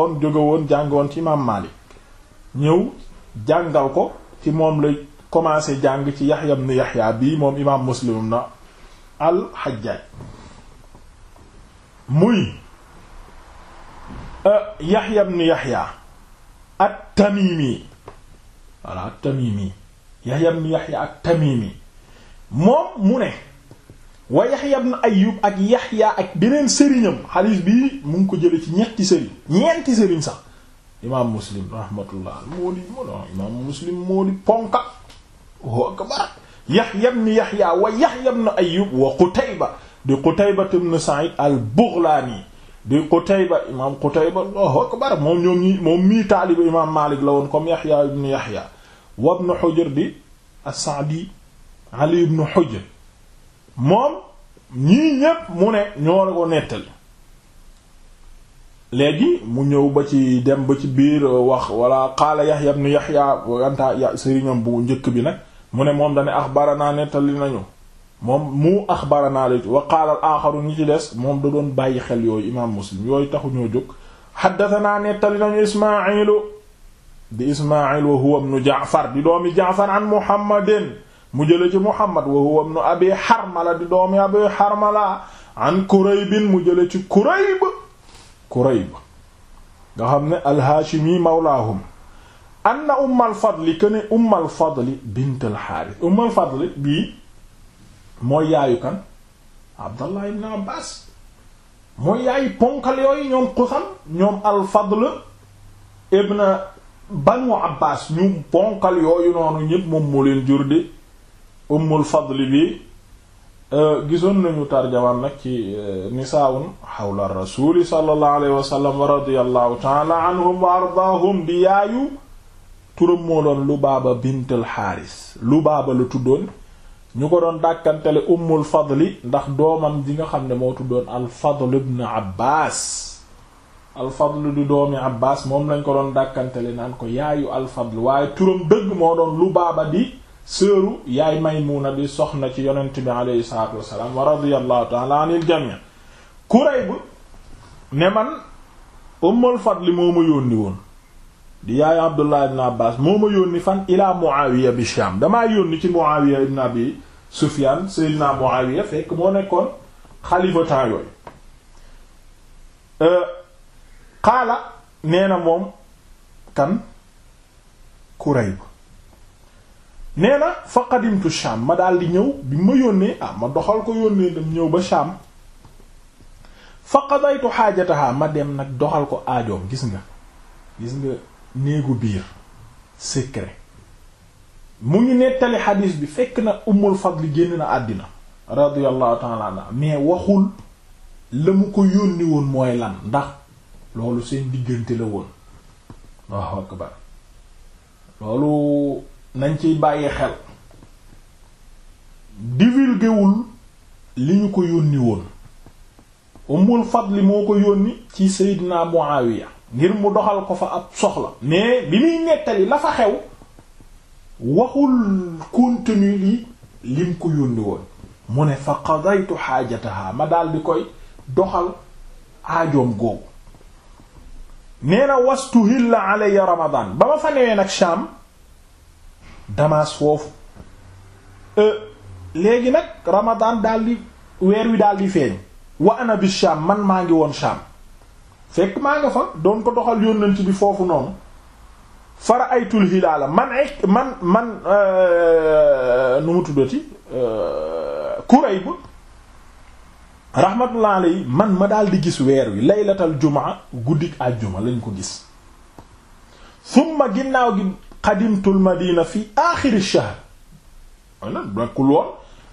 jàngoon jógewoon woon jàngoon ci imaam Maalik ñëw jàngal ko ci moom la commencé jàng ci Yahya ibn Yahya bii moom imaam Muslim na al-Hajjaj muy euh, Yahya ibn Yahya at-Tamimi voilà at-Tamimi Yahya ibn Yahya at-Tamimi moom mu ne wa Yahya ibn Ayyub ak Yahya ak beneen sëriñam xadiis bi mu ngi ko jële ci ñetti sëriñ ñeenti sëriñ sax imaam Muslim rahmatullah moo di moo di imaam Muslim moo di ponka wa akbar Yahya ibn Yahya wa Yahya ibn Ayyub wa Qutayba di Qutayba ibn Sa'id al-Baghlani di Qutayba imaam Qutayba Allahu akbar moom ñoom ñi moom mii taaliba imaam Maalik la woon comme Yahya ibn Yahya wa ibn Hujr di as-Sa'di Ali ibn Hujr moom ñii ñépp mu ne ñoo la ko nettali léegi mu ñëw ba ci dem ba ci biir euh, wax wala qaala Yahya ibn Yahya anta sëriñam bu njëkk bi nag mu ne moom dane axbarana nettali nañu moom mu axbarana la wa qaala al-aaxaru ñi ci des moom da doon bàyyi xel yooyu imaam Muslim yooyu taxu ñoo jóg xaddatanaa nettali nañu Ismaa'ilu di Ismaa'il wa huwa ibnu Ja'far di doomi Ja'far an Muhammadin mu jële ci Muhammad wa huwa ibn Abi Harmala di doomi Abi Harmala an Kuraybin mu jële ci Kurayb Kurayb nga xam ne mawlaahum anna Ummul Fadli kene Ummul Fadli bint al-Harith Ummul Fadli mooy yaayu kan Abdallah ibn Abbas mooy yaayu ponkal yooyu ñoom Qusam ñoom al-Fadl ibn Banu ponkal yooyu noonu ñépp moom moo leen jur ummul fadli bi euh, gisoon nañu tarjamaan nag ci euh, nisaun xawla rasuli sallallahu alayhi wa sallam wa radiyallahu taala anhum wa ardaahum di yaayu turam moo doon Lubaaba bint al lu baaba la tuddoon ñu ko doon dàkkantele ummul fadli ndax doomam ji nga xam ne moo tuddoon al-Fadl ibn Abbaas al-Fadl di doomi Abbaas moom lañ ko doon dàkkantele naan ko yaayu al waaye turam dëgg moo doon Lubaaba di seeru yaay Maymuna di soxna ci yonent bi aleyhi salaatu wassalaam wa radiyallahu ta'ala anil jami' Kurayb ne man Ummul Fadli moo ma yónni woon di yaay Abdullah ibn Abbas moo ma yónni fan ilaa Muawiya bi damaa yónni ci Muawiya ibn Abi Sufyan Seydina fekk moo nekkoon xalifa yooyu xaala euh, nee moom kan Kurayb nee na fa qadimtu ma daal di ñëw bi ma yónnee ah ma doxal ko yónnee dem ñëw ba Sham fa qadaytu xaajataha ma dem nag doxal ko aajoom gis nga gis nga néegu biir secret mu ngi nettali xadiis bi fekk na Ummul Fadl génn na àddina radiyallahu ta'ala anha mais waxul la mu ko yónni woon mooy lan ndax loolu seen diggante la woon waaw akbar loolu nañ ci bàyyi xel divulguéwul li ñu ko yónni woon umul fadli moo ko yónni ci Seydina Muawiya ngir mu doxal ko fa ab soxla mais bi muy nettali la fa xew waxul contenu li lim ko yónni woon mu ne fa qadaytu xaajataha ma daal koy doxal aajoom googu nee na wastuhilla alayya ramadan ba ma fa newee nag Sham Damas foofu e, léegi nag Ramadan daal di weer wi daal di feeñ wa ana Sham man maa ngi woon Sham fekk maa nga fa doon ko doxal ci bi foofu noonu fara aytul hilaala man ay man man e, nu mu tuddati e, Kurayb rahmatullah alayhi man ma daal di gis weer wi laylatal jumaa guddik àjjuma lañ ko gis summa ginnaaw gi qadimtul madina fi aaxiri shahr nag nekkul woon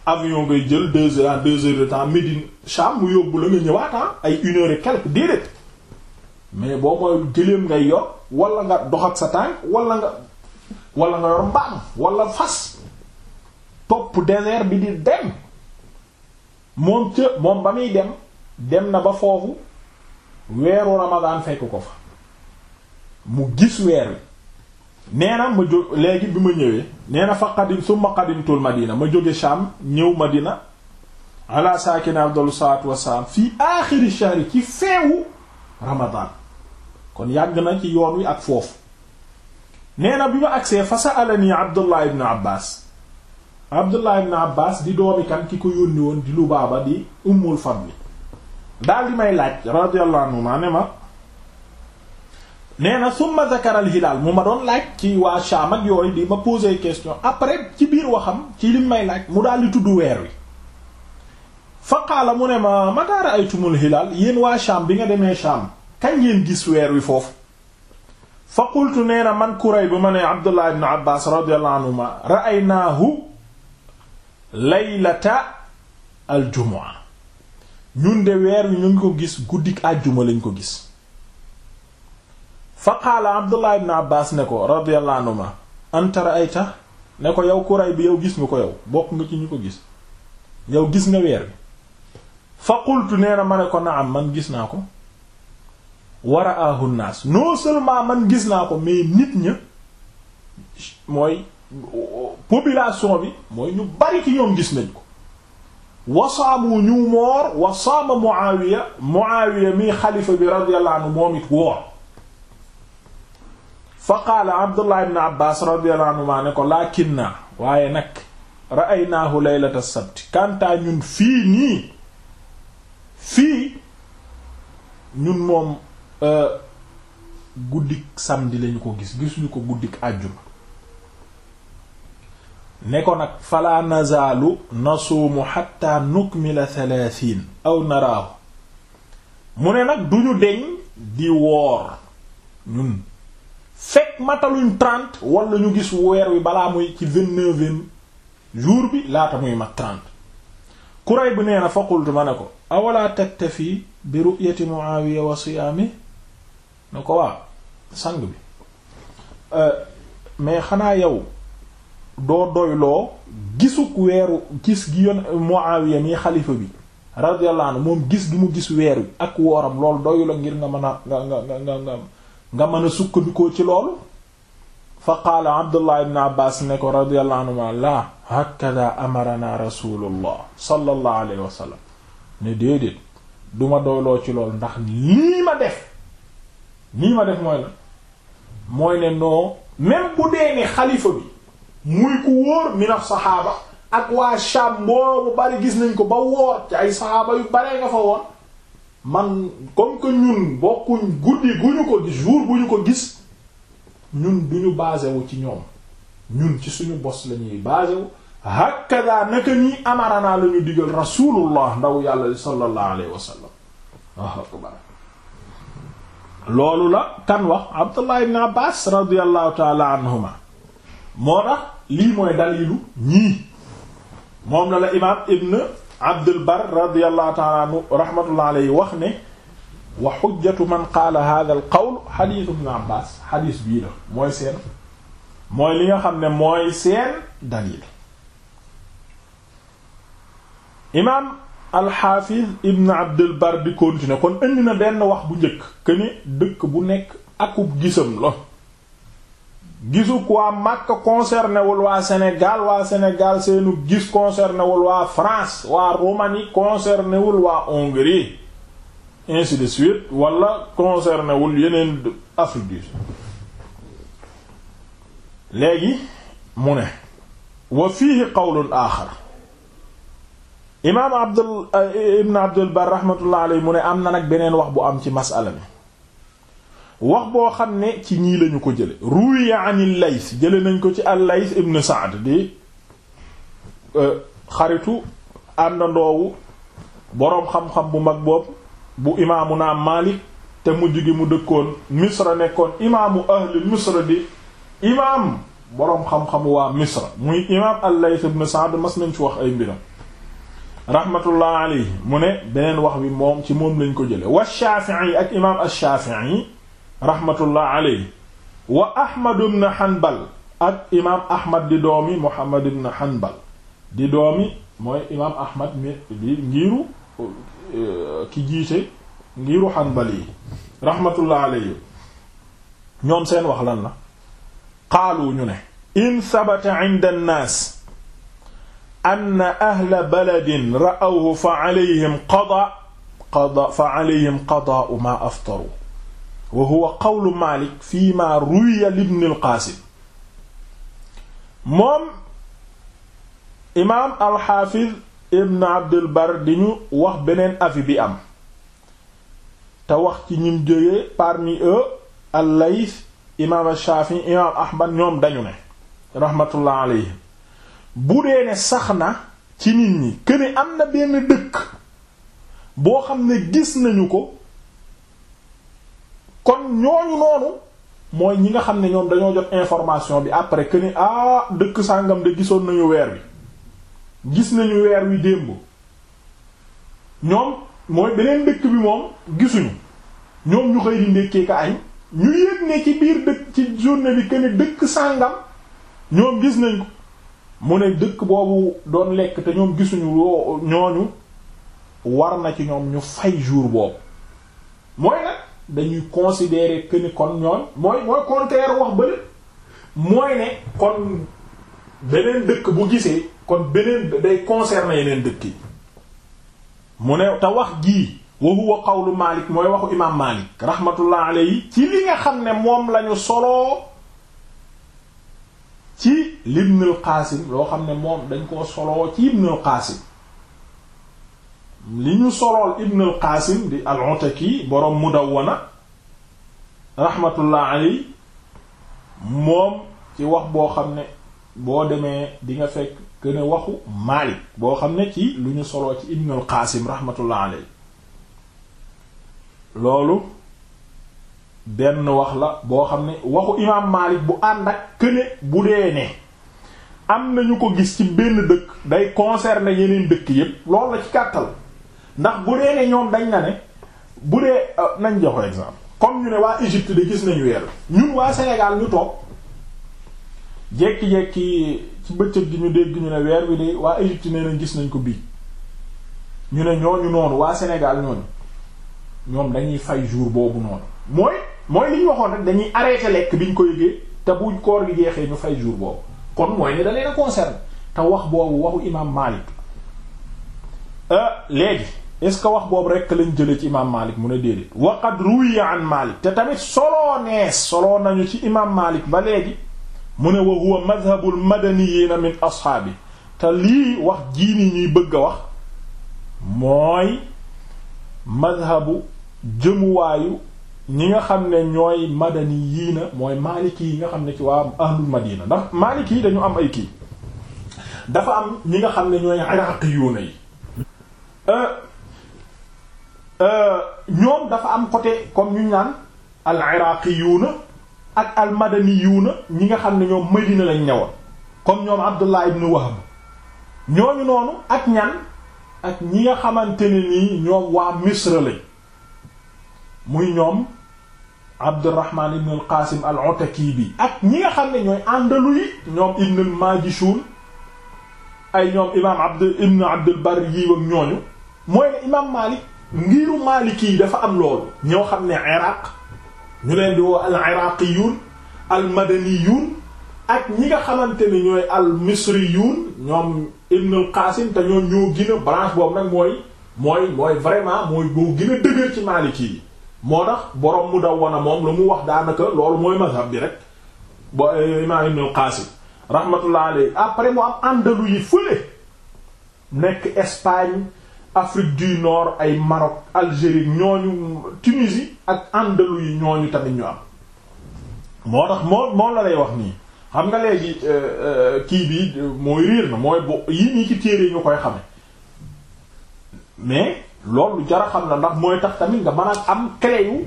avion ngay jël deux heures deux heures de temps Médine Cham mu yóbbu la nga ñëwaat ah, ay une heure et quelque déedéet mais boo mooy gëléem ngay yor wala nga dox ak sa tànk wala nga wala nga yor mbaam wala fas topp désert bi di dem moom ca moom ba muy dem dem na ba foofu weeru Ramadan fekk ko fa mu gis weer wi nee na ma jóg léegi bi ma ñëwee nee na fa qadim summa qadimtul madina ma jóge Sham ñëw madina ala saakina afdalu salaatu wassalaam fii aaxiri shahri ci feewu ramadaan kon yàgg na ci yoon wi ak foofu nee na bi ma agsee fa sa'alani Abdullah ibn Abbas Abdullah ibn Abbas di doomi kan ki ko yónni woon di Lubaaba di Ummul Fadli daal di may laaj radiyallahu anhu ma ne ma nee na summa zakaral hilaal mu ma doon laaj ci waa Shaam ak yooyu di ma poser question après ci biir waxam ci lim may laaj mu daal di tudd weer wi fa qaala mu ne ma mata ra'aytumul hilaal yéen waa Shaam bi nga demee Shaam kañ ngeen gis weer wi foofu fa qultu nee na man Kurayb bu ma nee Abdullah ibn Abbas radiyallahu anhuma ra'aynaahu laylata al jumaa ñun de weer wi ñu ngi ko gis guddik àjjuma lañ ko gis fa qaala abdullah ibn abbas ne ko radiyallahu anhuma anta ra'ayta ne ko yow kuray bi yow gis nga ko yow bokk nga ci ñu ko gis yow gis nga weer bi fa qultu nee na ma ne ko naam man gis naa ko wa ra'aahu naas non seulement man gis naa ko mais nit ña mooy population bi mooy ñu bari ci ñoom gis nañ ko wasaamu ñu moor wasaama Muawiya Muawiya mii xalifa bi radiyallahu anhu moom it woor fa qaala abdullah ibn abbas radiyallahu anhuma ne ko laakinna waaye nag ra'aynaahu laylata sabti kantaa ñun fii nii fii ñun moom e, guddik samedi lañu ko gis gisuñu ko guddik àjjuma ne ko nag fala nazaalu nasuumu xatta nukmila thalathin aw naraahu mu ne nag duñu deñ di woor ñun fekk mataluñ trente wala ñu gis weer wi balaa muy ci vingt-neuvième jour bi laata muy mat trente kuray bu nee na fa qultu ma ne ko awalaa taktafi bi ru'yati Muawiya wa siyaami na ko waa sang bi euh, mais xanaa yow doo doyloo gisu weeru gis gi yoon Muawiya mi xalifa bi radiyallahu anhu moom gis gi mu gis weer wi ak wooram loolu doyuloo ngir nga mën a nga nga nga nga mën a sukkandikoo ci loolu fa qaala abdullah ibn abbas ne ko radiyallahu anhuma laa hakada amarana rasulullah sallallahu alayhi ne déedéet duma dooloo ci loolu ndax nii ma def nii ma def mooy la mooy ne noo même bu dee ne xalifa bi muy ku wóor minax saxaaba ak waa Sham boobu bari gis nañ ko ba woor ci ay saxaaba yu baree nga fa woon man comme que ñun bokkuñ guddi gu ñu ko gis jour ñu ko gis ñun duñu basé wu ci ñoom ñun ci suñu bos la ñuy basé wu naka ñii amaranaa la ñu digal rasulullah ndaw yàlla sallallahu wa sallam loolu la kan wax abdullah ibn abbas radiallahu taala anhuma moo tax lii mooy dalilu ñii moom la la imam ibn Abdul Bar radiyallahu ta'ala anhu rahmatullahi alayhi wax ne wa xujjatu man qaala hadha al qawl xadiisu ibn Abbaas xadiis bii la mooy seen mooy li nga xam ne mooy seen dalil imaam alxaafiz ibn Abdul Bar di continuer kon indi na benn wax bu njëkk que ni dëkk bu nekk akub gisam la gisuk waa Makka concerné wul waa Sénégal waa Sénégal seenu gis concerné wul waa France waa Roumanie concerné wul waa Hongrie ainsi de suite wala concerné wul yeneen Afrique du Sud léegi mu ne wa fiihi qawlun aaxar imaam Abdul eh, ibn Abdul Bar rahmatullah alayhi mu ne am na nag beneen wax bu am ci masala mi wax boo xam ne ci ñii lañu ko jële ruwiya an al-Lays jële nañ ko ci al-Lays ibn Sa'd di euh, xaritu àndandoowu boroom xam-xam bu mag boobu bu imaamu naa Maalik te mujj gi mu dëkkoon Misra nekkoon imaamu ahli Misra di imaam boroom xam-xamu waa Misra muy imaam al-Lays ibn mas nañ ci wax ay mbiram rahmatullah alayhi mu ne beneen wax bi moom ci moom lañ ko jële wa Shaafi'i ak imaam al-Shaafi'i rahmatullah alayhi wa ahmad ibn hanbal ak imaam ahmad di doomi muhammad ibn hanbal di doomi mooy imaam ahmad mi di ngiiru eh, ki jiite ngiiru hanbal yi rahmatullah alayhi ñoom seen wax lan la qaalu ñu ne in sabata inda an-naas anna ahla baladin ra'awhu fa alayhim qada qada fa alayhim qadaa'u ma aftaru wa huwa qawlu Maalik fii ma ruwiya libn al-Qaasim moom imaam al-Xaafiz ibn Abdul Bar di ñu wax beneen avis bi am te wax ci ñim jógee parmi eux al-Layth imaam al-Shaafi imaam Ahmad ñoom dañu ne rahmatullah alayhim bu dee ne sax na ci nit ñi këne am na benn dëkk boo xam ne gis nañu ko kon ñooñu noonu mooy ñi nga xam ne ñoom dañoo jot information bi après que ni ah dëkk sàngam de gisoon nañu weer bi gis nañu weer wi démb ñoom mooy beneen dëkk bi moom gisuñu ñoom ñu xëy di ndekkee ka añ ñu yëg ne ci biir dëkk ci journée bi que ni dëkk sàngam ñoom gis nañ ko mu ne dëkk boobu doon lekk te ñoom gisuñu loo ñooñu war na ci ñoom ñu fay jour boobu mooy nag dañuy considérer que kon ñooy mooy mooy contraire wax bële mooy ne kon beneen dëkk bu gisee kon beneen day concerner yeneen dëkk yi mu ne te wax jii wa huwa qawlu Malik mooy waxu imaam Malik rahmatullah yi ci li nga xam ne moom lañu soloo ci Ibnul Qaasim loo xam ne moom dañ koo soloo ci Ibnul Qaasim li ñu solool ibn al qaasim di al mu boroom wana rahmatullah aley moom ci wax boo xam ne boo demee di nga fekk que ne waxu Maalik boo xam ne ci lu ñu solool ci ibn al qaasim rahmatullah aley loolu benn wax la boo xam ne waxu imaam Maalik bu ànd ak que bu dee ne am nañu ko gis ci benn dëkk day conserne yeneen dëkk yépp loolu la ci kàttal ndax bu dee ne ñoom dañ na ne bu dee euh, nañ jox exemple comme ñu ne de gis nañu weer ñun waa Sénégal ñu toog jekki-jekki ci bëccëg gi ñu dégg ñu ne weer wi de waa Égypte nee nañ gis nañ ko bii ñu ne ñooñu noonu waa Sénégal ñooñu ñoom dañuy fay jour boobu noonu mooy mooy li ñu waxoon rek dañuy arrêté lekk bi ñu ko yëgee te bu koor gi jeexee ñu fay jour boobu kon mooy ne da leen a concerne te wax boobu waxu imam Malik euh, léegi est-ce que wax boobu rekk lañ jëlee ci imaam Maalik mu ne déedéet wa qad ruwiya te tamit soloo nee soloo nañu ci imaam Maalik ba léegi mu ne wa huwa madhabul madaniyina min ashaabi te lii wax jii nii ñuy bëgg a wax mooy madhabu jëmuwaayu ñi nga xam ne ñooy madaniyina mooy Maaliki yi nga xam ne ci waa ahlul Madina ndax Maaliki yi dañu am ay kii dafa am ñi nga xam ne ñooy iraqiyuuna yi euh, Euh, ñoom dafa am côté comme ñu ñaan al iraqiyuuna ak al madaniyuuna ñi nga xam ne ñoom Medina lañ ñëwoon comme ñoom Abdullah ibn Wahb ñooñu noonu ak ñan ak ñi nga xamante ni nii ñoom waa Misra lañ muy ñoom Abdurrahman ibn al Qasim al Utaki bi ak ñi nga xam ne ñooy àndalu yi ñoom ibn al Majishun ay ñoom imaam Abd ibn Abdul Barr yi ñooñu mooy ne imaam Malik ngiru Maliki yi dafa am loolu ñoo xam ne Iraq ñu leen di woo al iraqiyun al madaniyun ak ñi nga xamante ni ñooy al misriyun ñoom Ibn al Qasim te ñoom ñoo gën a boobu nag mooy mooy mooy vraiment mooy boo gën dëgër ci Maliki moo tax borom mu daw wana moom lu mu wax daanaka loolu mooy mazhab bi rek ba eh, imam Ibn al Qasim rahmatullah alayhi mu am àndalu yi fële nekk Espagne Afrique du Nord ay Maroc Algérie ñooñu Tunisie ak Andalou yi ñooñu tamit ñu am moo tax moo moo la lay wax nii xam nga léegi euh, euh, kii bi euh, mooy riir na mooy bo yii nii ci téere ñu koy xame mais loolu jara xam na ndax mooy tax tamit nga mën a am clé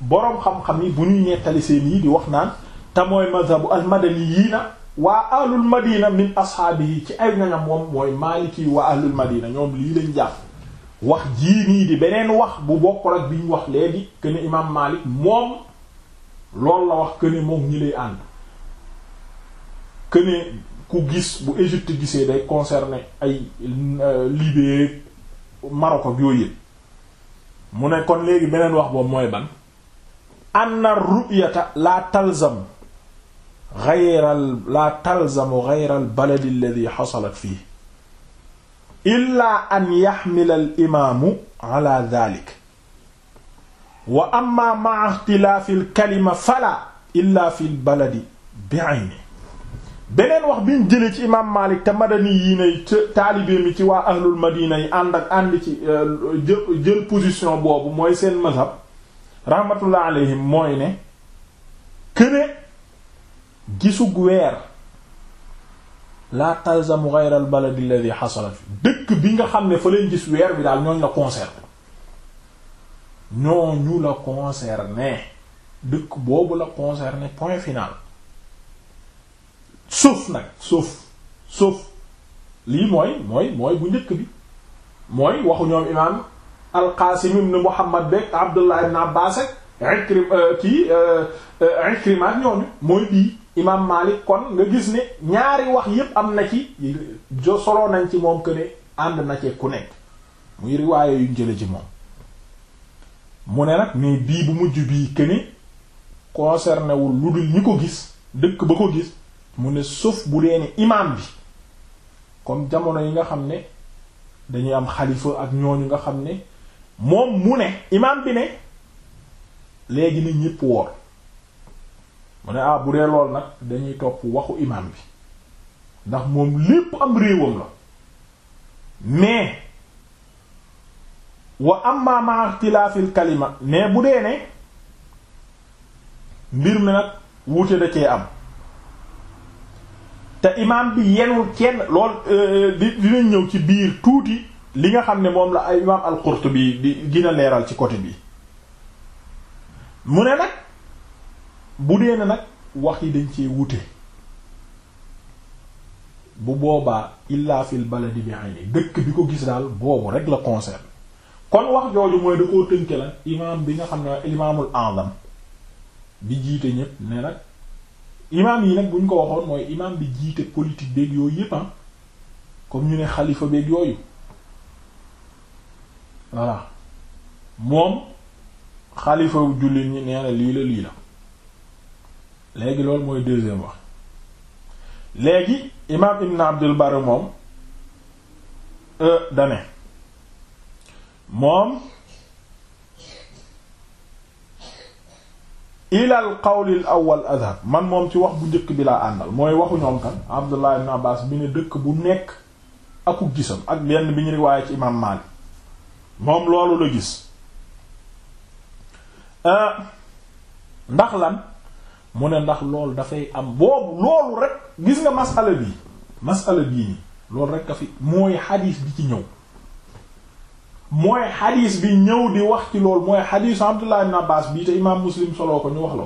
boroom xam-xam yi bu ñuy nettali seen yii di wax naan te mooy mazhabu al yii na waa ahlul madina min ashaabihi ci ay ñoñam moom mooy maaliki waa ahlul madina ñoom lii lañ jàpp wax jii nii di beneen wax bu bokkul ak bi ñu wax léegi que imaam Maalik moom loolu la wax que ne moom ñi lay ànd que ku gis bu Égypte gisee day concerner ay euh, Libye Maroc ak yooyu yëpp mu ne kon léegi beneen wax boobu mooy ban na ru'yata la talzam xayral laa talzamu xayral baladi alladi xasalat fii illaa an yaxmila al imaamu ala dalik wa amma maa ixtilaafi al kalima fala illaa fi l baladi bi ayni beneen wax biñ jëlee ci imaam Maalik te madani yi ne taalibe mi ci waa ahlul madina yi ànd ak ànd ci jël position boobu mooy seen mazhab rahmatullah alayhim mooy ne këne gisug weer la talzamu ghayra al balad alladhi hasala fi dëkk bi nga xam ne fa leen gis weer bi daal ñooñ la concerné ñooñu la concerné dëkk boobu la concerné point final sauf nag sauf sauf lii mooy mooy bu njëkk bi mooy waxu ñoom imaam al-Qasim ibn Muhammad beeg Abdullah ibn Abbas ak euh, kii euh, euh, Ikrimaat ñooñu mooy bii imaam Malik kon nga gis ne ñaari wax yépp am na ci jo nañ ci moom que ne ànd na ci ku nekk muy riwaaye yuñ jële ci moom mu ne nag mais bii bu mujj bii que ne wul lu dul ñi ko gis dëkk ba ko gis mu ne suuf bu leen ne imaam bi comme jamono yi nga xam ne dañuy am xalifa ak ñooñu nga xam ne moom mu ne imaam bi ne léegi ni ñépp woor mu ne ah bu dee lool nag dañuy topp waxu imam bi ndax moom lépp am réewam la mais wa amma ma ixtilaafil kalima mais bu dee ne mbir mi nag wuute da cee am te imaam bi yenul kenn lool euh, di dinañ ñëw ci biir tuuti li nga xam ne moom la ay imaam al bi di gën leeral ci côté bi mu ne nag bu dee ne nag wax yi dañ cee wute bu boobaa illa fil baladi bi ayni dëkk bi ko gis daal boobu rek la concerne kon wax jooju mooy da koo tënke la imaam bi nga xam ne imaamul a'zam bi jiite ñépp ne nag imaam yi nag buñ ko waxoon mooy imaam bi jiite politique beeg yooyu yépp ah comme ñu ne xalifa beeg yooyu voilà moom xalifa jullit ñi nee na lii la lii la léegi loolu mooy deuxième wax léegi imaam ibn abdul bari moom euh, dane moom ilal qawlil awwal adhab man moom ci wax bu njëkk bi laa àndal mooy waxu ñoom kan abdullah ibn abbas bi ne dëkk bu nekk akuk gisam ak benn bi ñu riwaaye ci imaam maalik moom loolu la gis euh, ndax lan mu ne ndax loolu dafay am boobu loolu rek gis nga masala bi masala bii nii loolu rek a fi mooy xadiis bi ci ñëw mooy xadiis bi ñëw di wax ci loolu mooy xadiisu Abdullah ibn Abbas bii te imaam Muslim soloo ko ñu wax la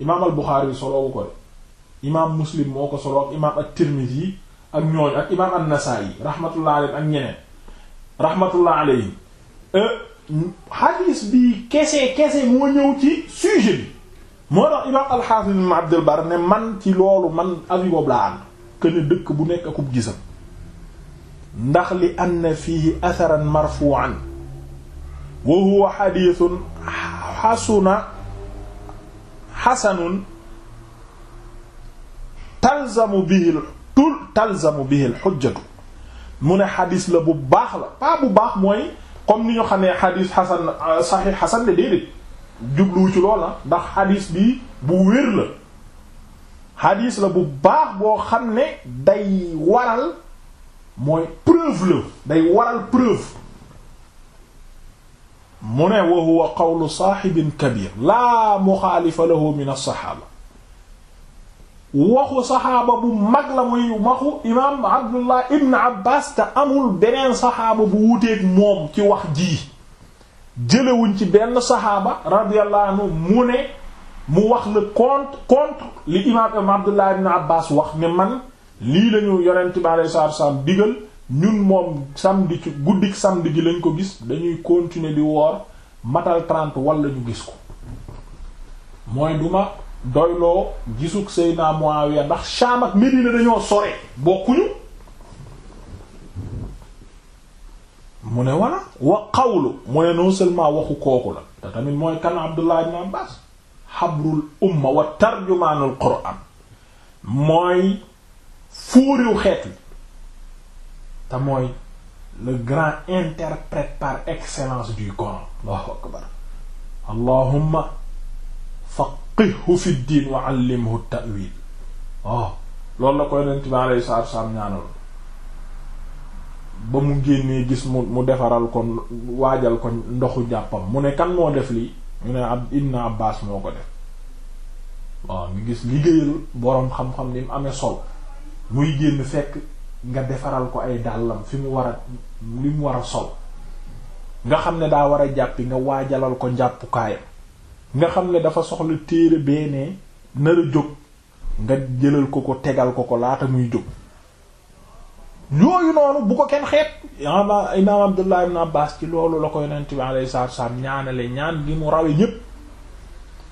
imaam al-Bukhari soloowu ko de imaam Muslim moo ko solo ak imaam at-Tirmidhi ak ñooñu ak imaam an yi rahmatullah alayhi ak ñeneen rahmatullah alayhi euh, xadiis bi kese kese moo ñëw ci sujet bi moo tax imaam alxaafis ibn Abdul Bar ne man ci loolu man avis boobu laa am que ne dëkk bu nekk akub gisam ndax li anna fiihi atharan marfu'an wa huwa xadiisun xasuna xasanun talzamu bihi tul talzamu bihi xujjatu mu ne xadis la bu baax la pas bu baax mooy comme ni ñu xamee xadis xasan saxiix xasan la déedéet jubluwu ci lool la ndax xadiis bi bu wér la xadiis la bu baax boo xam ne day waral mooy preuve la day waral preuve mu ne wa huwa qawlu saaxibin kabir laa muxaalifa lahu min alsaxaaba waxu saxaaba bu mag la muy waxu imaam abdullah ibn abbas te amul beneen saxaaba bu wuteeg moom ci wax ji jëlewuñ ci benn saxaaba radiyallahu anhu mu ne mu wax le contre contre li imaam Abdullah ibn Abbas wax ne man lii lañu yonent bi alayhi salaatu wasalaam digal ñun moom samedi ci guddik samedi gi lañ ko gis dañuy continuer di woor matal trente wala ñu gis ko mooy duma doyloo gisuk Seydina Muawiya ndax Sham ak Medina dañoo sore bokkuñu mu ne walla wa qawlu mu ne non seulement waxu kooku la tamit mooy kan Abdullah ibn Abbas xabrul umma wa tarjumaanul qur'an mooy fuuriw xeet te mooy le grand interprète par excellence du Coran Allahu akbar allahumma faqihhu fi diin wa allimhu ta'wil oh loolu la koy Yonent bi alayhi salaatu wa salaam ñaanal ba mu génnee gis mu mu defaral ko waajal ko ndoxu jàppam mu ne kan moo def lii mu ne ab Ibn Abbas moo ko def waaw mu gis liggéeyal boroom xam-xam ni mu amee sol muy génn fekk nga defaral ko ay dàllam fi mu war a li mu war a sol nga xam ne daa war a jàppi nga waajalal ko njàppukaayam nga xam ne dafa soxla téere beenee nar a jóg nga jëlal ko ko tegal ko ko laata muy jóg yooyu noonu bu ko kenn xeet imaam abdullah ibn abbas ci loolu la ko yonent bi alayhi salaatu ñaanale ñaan gi mu rawe ñépp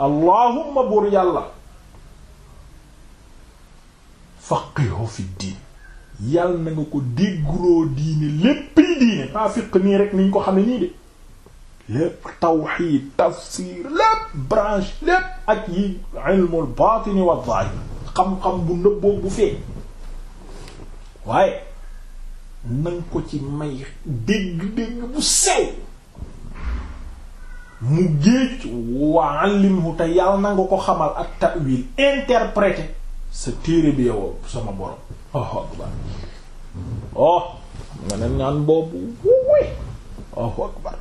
allahumma buur yàlla faqihu fi diin yàlla na nga ko dégguloo diine lépp yi diine pas nii rek ni ñu ko xam ne nii de lépp tawxiid tafsir lépp branche lépp ak yi ilmul baatini wa zaahir xam-xam bu nëbboo bu feeñ waaye nang ko ci may dégg-dégg bu sew mu géej wa allimhu te yàlla na ko xamal ak ta'wil interpréter sa téere bi sama borom oh akbar oh nga ne ñaan boobu wuy oh akbar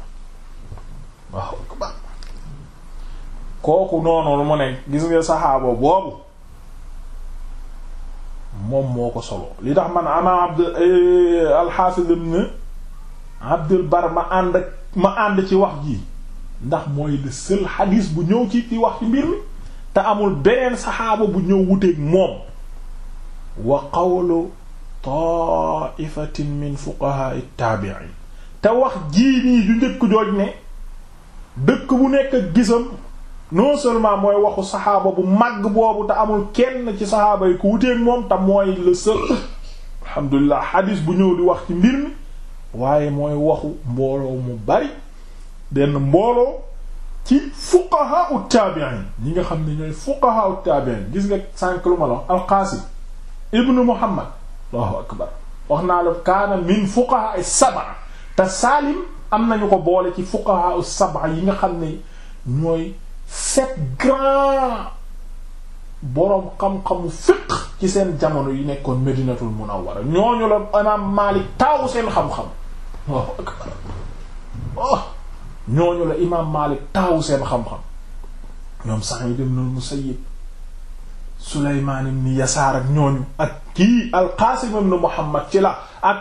oh akbar kooku noonu lu mu ne gis nga saxaaba boobu moom moo ko solo li tax man ana abd eh, alxaafiz ibn abdul bar ma ànd ak ma ànd ci wax ji ndax mooy le xadis bu ñëw ci di wax ci mbir mi te amul beneen saxaaba bu ñëw wuteeg moom wa qawlu ta'ifatin min fuqaha at te wax jii nii ju njëkk jooj ne dëkk bu nekk ak gisam non seulement mooy waxu saxaaba bu màgg boobu te amul kenn ci saxaaba yi ku wuteeg moom te mooy le seul hadis bu ñëw di wax ci mbir mi waaye mooy waxu mbooloo mu bari denn mbooloo ci fuqaha u taabi'in nga xam ne ñooy fuqaha u gis nga sànq lu ma la wax alqaasim ibnu muhammad allahu akbar wax naa la kaana min fuqaha as te saalim am nañu ko boole ci fuqaha as yi nga xam ne ñooy sept grands boroom xam-xamu fiqh ci seen jamono yi nekkoon Medinatul Munawwara ñooñu la imaam Maalik taawu seen xam-xam waaw oh ñooñu la imaam Maalik taawu seen xam-xam ñoom Sa'iid ibn al-Musayyib Sulaymaan ibn Yasaar ak ñooñu ak kii al-Qaasim ibn Muhammad ci la ak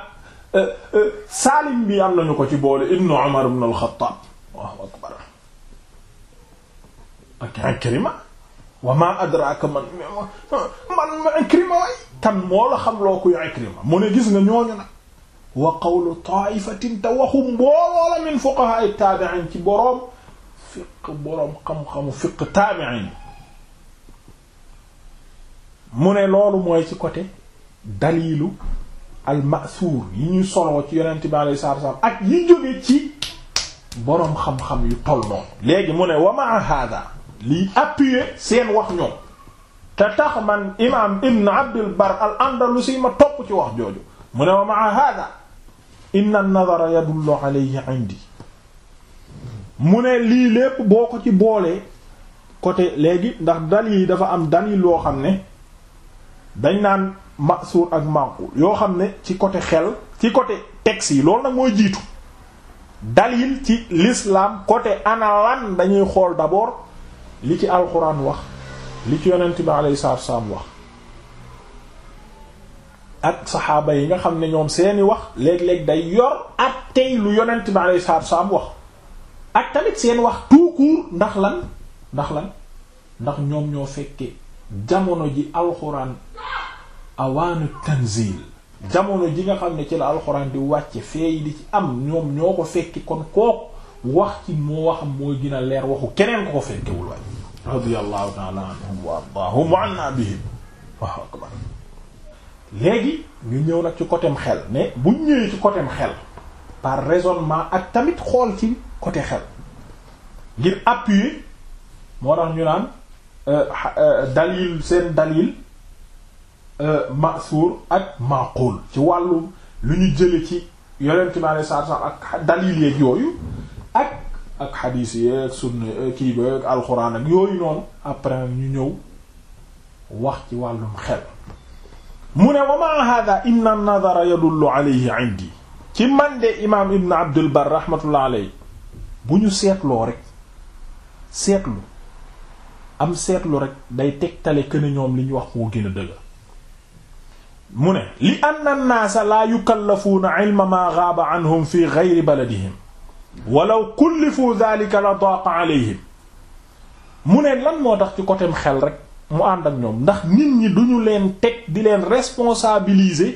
euh, euh, bi am nañu ko ci boole ibn Umar ibn al-Khattaab waaw ak Ikrima wa ma adraka man man Ikrima waay kan moo la xam loo kuy Ikrima mu ne gis nga ñooñu nag wa qawlu ta'ifatin te waxu mbooloo la min fuqaha tabi'in ci boroom fiq boroom xam-xamu fiq tabi'in mu ne loolu mooy ci côté dalilu al ma'thur yi ñuy soloo ci yonent bi alayhi salaatu wa salaam ak yi jóge ci boroom xam-xam yu toll noonu léegi mu ne wa ma'a hada lii appuyer seen wax ñoom te tax man imam ibn abdul bar al andalusi ma topp ci wax jooju mu ne wa maa hada inna an-nazara yadullu alayhi indi mu ne lii lépp boo ko ci boolee côté léegi ndax dalil yi dafa am dalil loo xam ne dañ naan masuur ak manqul yoo xam ne ci côté xel ci côté texte yi loolu nag mooy jiitu dalil ci lislaam côté analan dañuy xool d'abord li ci alxuraan wax li ci yonent bi alayhi salaatu wax ak saxaaba yi nga xam ne ñoom seeni wax léeg-léeg day yor ak tey lu yonent bi alayhi salaatu salaam wax ak tamit seen wax tout ndax lan ndax lan ndax ñoom ñoo fekke jamono ji alxuraan awaanu tanzil jamono ji nga xam ne ci la alxuraan di wàcce feey di ci am ñoom ñoo ko fekke kon kooku wax ci moo waxam mooy gën a leer waxu keneen ko ko fekkewul waay radiyallahu taala anhum wa ardahum anna bihim waaw akbar léegi ñu ñëw nag ci côté xel ne bu ñëwee ci côté xel par raisonnement ak tamit xool ci côté xel ngir appuyer moo tax ñu naan euh, euh, dalil seen dalil euh, masuur ak maqul ci wàllu lu ñu jële ci yonent bi alayhi salaatu wa salaam ak dalil yooyu ak xadiis yeeg sunna kii ba ak alxuraan ak yooyu noonu après ñu ñëw wax ci wàllum xel mu ne wa ma hada inna nadara yadullu ci man de imaam ibn ñu seetloo rek seetlu am seetlu rek day tegtale kën ñoom li ñu wax moo gën a dëgg mu laa yukallafuuna ilma maa anhum fi gayri baladihim walaw kullifu dhalika la daqa alayhim mu ne lan moo tax ci côté xel rek mu ànd ak ñoom ndax nit ñi duñu leen teg di leen responsabiliser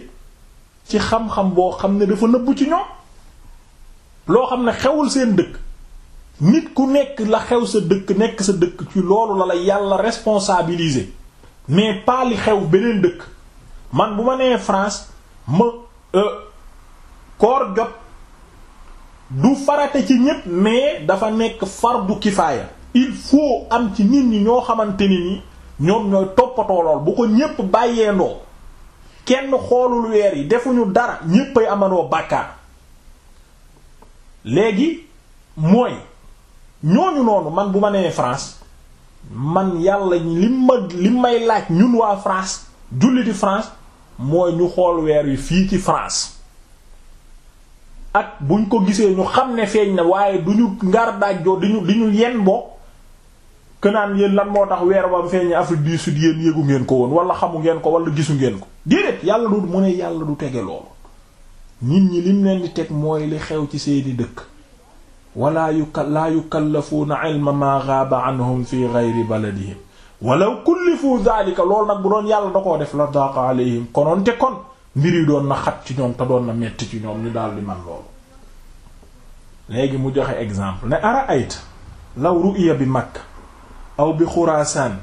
ci xam-xam boo xam ne dafa nëbbu ci ñoom loo xam ne xewul seen dëkk nit ku nekk la xew sa dëkk nekk sa dëkk ci loolu la la yàlla responsabiliser mais pas li xew beneen dëkk man bu ma nee France ma euh, koor jot du farate ci ñépp mais dafa nekk far fardu kifaaya il faut am ci nit ñi ñoo xamante ni ni ñoom ñooy toppatoo lool bu ko ñépp bàyyeendoo kenn xoolul weer yi defuñu dara ñéppay amanoo bàkkaar léegi mooy ñooñu noonu man bu ma nee France man yàlla li ma li may laaj ñun waa France julliti France mooy ñu xool weer wi fii ci France ak buñ ko gisee ñu xam ne feeñ na waaye du ñu ngar daajjoo di ñu di ñu yen boo kënaan yéen lan moo tax weer wam feeñ Afrique du Sud yéen yéegu ngeen ko woon wala xamu ngeen ko wala gisu ngeen ko déedéet yàlla du mu ne yàlla du tege loolu nit ñi lim leen di teg mooy li xew ci seeni dëkk wala yuka laa yukallafuuna ilma ma gaaba anhum fi gayri baladihim walaw kullifu daalika loolu nag bu doon yàlla da koo def la daaqa alayhim konoon te mbir yi doon na xat ci ñoom te doon na metti ci ñoom ñu daal di man loolu léegi mu joxe exemple ne ara ayta law ru'iya bi makka aw bi xuraasaan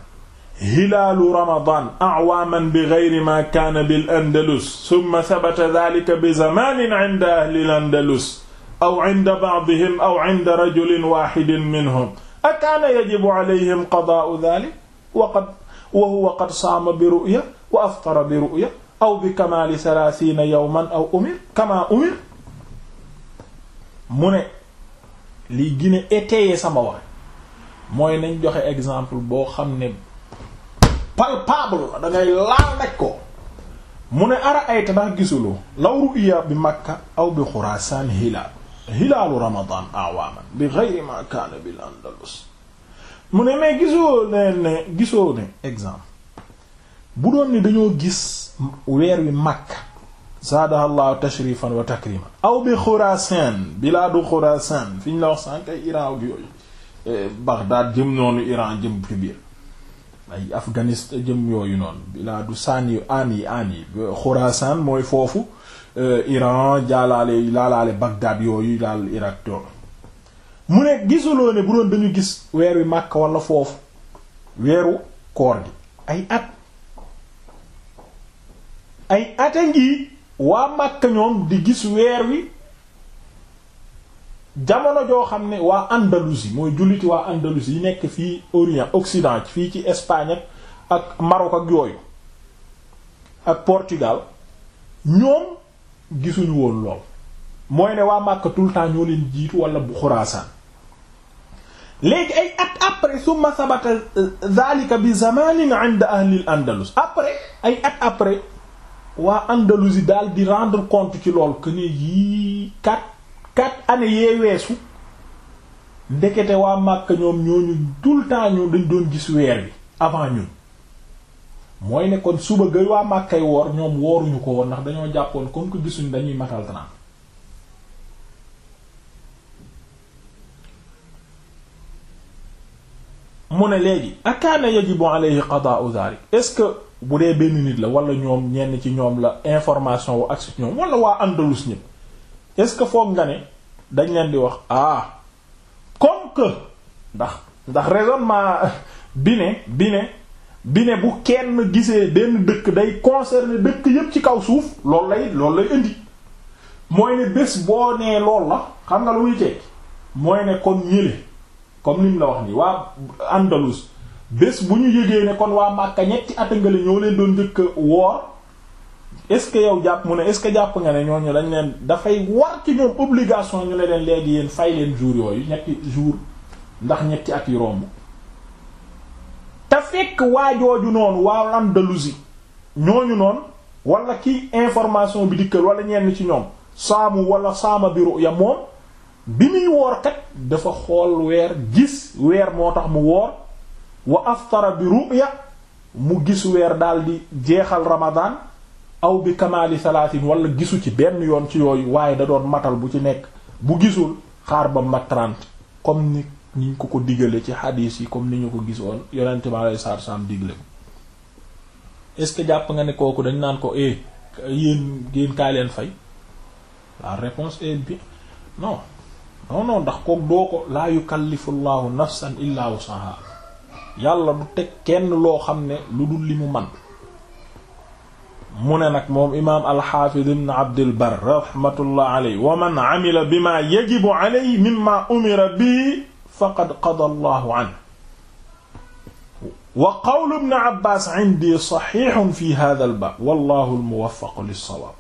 hilaalu ramadan a'waaman bi ghayri ma kaana bil andalus thumma thabata dhalika bi zamanin 'inda ahli al andalus aw 'inda ba'dihim aw 'inda rajulin wahidin minhum akaana yajibu 'alayhim qadaa'u dhalik wa qad wa huwa qad saama bi ru'ya wa aftara bi ru'ya aw bi kamaali salaasiina yawman aw umir kama umir mu ne li gën a sama wax mooy nañ joxe exemple boo xam ne palpable la dangay laal daj ko mu ne ara ay tabax gisuloo law ru'ya bi makka aw bi xuraasaan hilaal hilaalu ramadan awaaman bi ghayri kaana bil andalus mu ne mais gisoo ne ne gisoo ne exemple bu doon ni dañoo gis weer wi Makka zaadaha llahu tashrifan wa takrima aw bi Xuraasaan bilaadu Xuraasaan fi la wax sànq ay Iran ak yooyu eh, Baghdad jëm noonu Iran jëm ci ay Afghanistan jëm yooyu noonu bilaadu saan yu aan yi aan mooy foofu eh, Iran jaalaale laalaale Baghdad yooyu laal Irak tool mu ne gisuloo ne bu doon dañu gis weer wi Makka wala foofu weeru koor gi ay at ay ata ngi waa Makka ñoom di gis weer wi jamono joo xam ne waa Andalousie mooy julliti waa Andalousie yi nekk fii Orient Occident fii ci Espagne ak Maroc ak yooyu ak Portugal ñoom gisuñu woon lool mooy ne waa Makka tout ñoo leen jiitu wala bu Xuraasaan léegi ay at après summa sabata euh, zalika bi zamanin inda ahli al-Andalus après ay at après waa Andalousie daal di rendre compte ci lool que ni yii quatre quatre années yee weesu ndekete waa Makka ñoom ñooñu tout le temps ñu dañ doon gis weer bi avant ñun mooy ne kon suba gay waa Makkay woor ñoom wooruñu ko woon ndax dañoo jàppoon comme que gisuñ dañuy matal trente mu ne léegi akaana yajibu alayhi qada'u dhalik est-ce que bu dee benn nit la wala ñoom ñenn ci ñoom la information wu ak ci ñoom wala waa Andalus ñëpp est-ce que foog nga ne dañ leen di wax ah comme que ndax ndax raisonnement bi ne bi ne bu kenn gisee benn dëkk day concerner dëkk yépp ci kaw suuf lool lay loolu lay indi mooy ne bés boo nee lool la xam nga lu muy teg mooy ne kon ñële comme ni mu la wax nii waa Andalus bés bu ñu yëgee ne kon waa Màkka ñetti atangale ñoo leen doon njëkk woor est-ce que yow jàpp mu ne est-ce que jàpp nga ne ñooñu dañ leen dafay war ci ñoom obligation ñu ne leen léegi yéen fay leen jour yooyu ñetti jour ndax ñetti at yu romb te fekk waajooju noonu waa Andalusi ñooñu noon wala kii information bi dikkal wala ñenn ci ñoom saamu wala saama biro ya moom bi muy woor kat dafa xool weer gis weer moo tax mu woor wa aftara bi ru'ya mu gis weer daal di jeexal ramadaan aw bi kamaali salaatin wala gisu ci benn yoon ci yooyu waaye da doon matal bu ci nekk bu gisul xaar ba mat trente comme ni niñ ko ko ci xadiis yi comme ni ñu ko gisoon yonente bi alayhi salaatu salaam digle est-ce que jàpp nga ne kooku dañ naan ko eh yéen yéen kaay leen fay la réponse est bien non non ndax kooku doo ko laa yukallifu llahu nafsan illa wusaha yàlla du teg kenn loo xam ne lu dul li mu man mu ne nag moom imaam alxaafid ibn abdil bar rahmatullah aley wa man amila bi ma yajibu aley mimma umira bi faqad qada allahu an wa qawlu ibn abbas indi saxiixun fi hada al baab wallahu almuwafaqu lilsawaab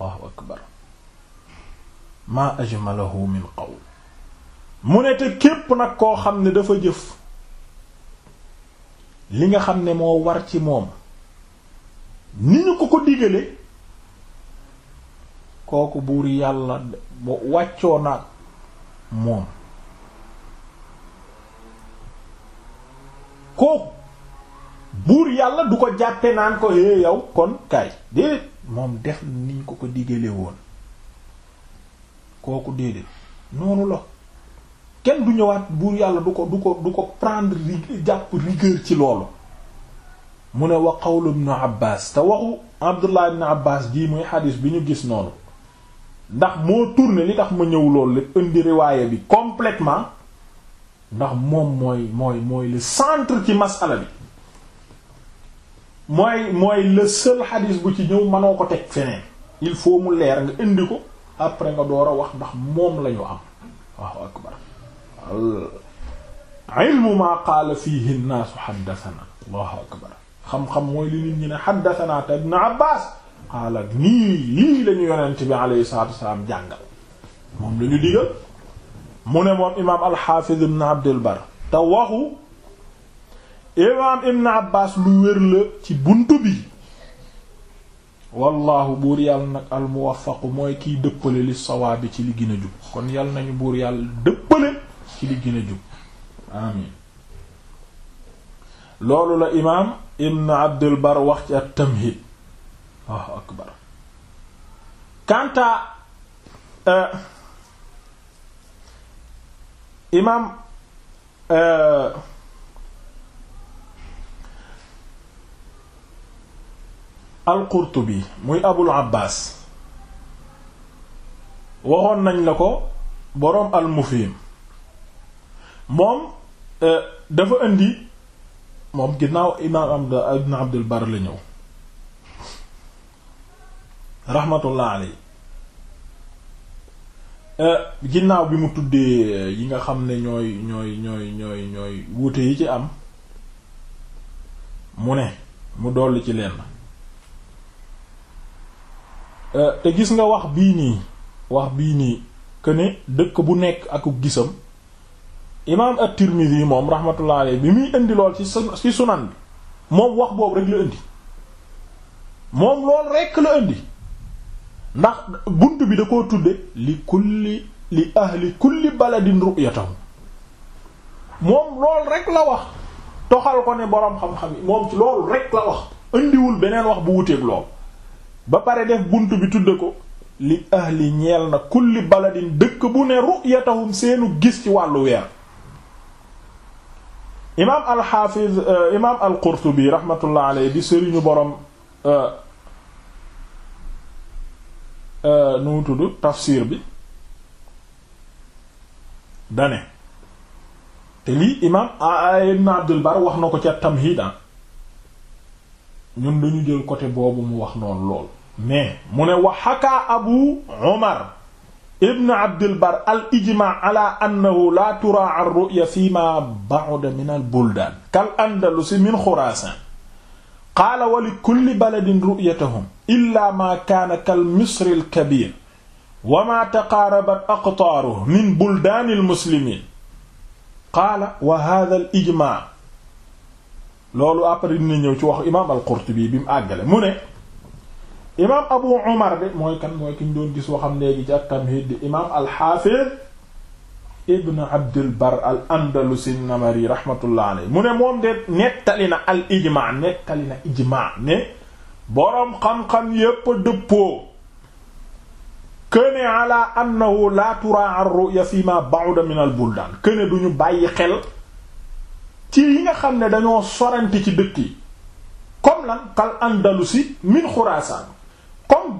allahu akbar maa ajmalahu min qawl mu ne te képp nag koo xam ne dafa jëf li nga xam ne moo war ci moom ni ñu ko ko digale kooku buur yàlla wàccoo naag moom kooku buur yàlla du ko jàppe naan ko é yow kon kay déedéet moom def ni ñu ko ko digale woon kooku déedéet noonu la kenn du ñëwaat buur yàlla du ko du ko du ko prendre jàpp rigueur ci loolu mu ne wa qawlu ibnu abbas te waxu abdullah ibnu abbas jii muy xadis bi ñu gis noonu ndax moo tourné li tax ma ñëw loolu lépp indi riwaayé bi complètement ndax moom mooy mooy mooy le centre ci masala bi mooy mooy le seul xadis bu ci ñëw mënoo ko teg feneen il faut mu leer nga indi ko après nga door a wax ndax moom lañu am waaw akbar ilmu maa qaala xam-xam mooy li nit ñi ne xaddasanaa te ibn abbas qaala nii lii yonent bi alayhi salaatu wasalaam jàngal moom la ñu mu ne moom imaam alxaafiz ibn abdul te waxu imaam ibn abbas lu wér la ci bunt bi wallahu buur yàlla nag al muwaffaqu mooy kiy dëppale li sawaabi ci li gën a jub kon yàlla nañu buur yàlla dëppale ci li gën a jub amin loolu la imaam ibn abdul bar wax ci at tamhid Allahu kanta euh, imaam euh, al-Qurtubi muy abul abbaas waxoon nañ la ko boroom al-Mufhim moom euh, dafa indi moom ginnaaw imaam ibn abdul bar la ñëw rahmatullah aley euh, ginnaaw bi mu tuddee euh, yi nga xam ne ñooy ñooy ñooy ñooy ñooy wuute yi ci am mu ne mu dolli ci leen te gis nga wax bii nii wax bii nii que ne dëkk bu nekk aku gisam imaam at-Tirmidhi moom rahmatullah alayhi bi muy indi lool ci ci sunan bi moom wax boobu rek la indi moom lool rek la ndax bunt bi da koo tudde li kulli li ahli kulli baladin ru'yatahu rek la wax toxal ko ne boroom xam-xam yi moom ci loolu rek la wax indiwul beneen wax bu wuteeg lool ba pare def bunt bi tudde ko li ahli ñeel na kulli baladin dëkk bu ne ru'yatahum seenu gis ci wàllu weer imaam alxaafiz euh, imaam alqurtubi rahmatullah aleyhi di sëriñu borom euh, euh, nu mu tudd tafsir bi dane te lii imaam ibn abdul wax na ko ca tamhid ah. ñun dañu jël côté boobu mu wax noonu lool mais mu ne waxakaa abu omar ibn abdil bar al ijma ala annahu la tura ar ru'ya fi ma ba'da min al buldaan kal andalusi min xuraasaan qaala wa li kulli baladin ru'yatahum illa ma kaana kal misri al kabiir wa ma taqaarabat aqtaaruhu min buldaani al muslimiin qaala wa haadha al ijma loolu après dina ñëw ci wax imaam al qurtubi bi mu àggale mu ne imaam abu umar de mooy kan mooy ki ñu doon gis waxam léegi ci ak tamhid di imaam alxaafiz ibn abdul al andalusi namari rahmatullah mu ne moom de nettali na al ijma na ijma ne boroom xam-xam yépp dëppoo këne ala annahu la tura ar ru'ya fi buldaan këne duñu bàyyi xel ci yi nga xam ne dañoo soranti ci dëkk yi comme lan kal andalusi min xuraasaan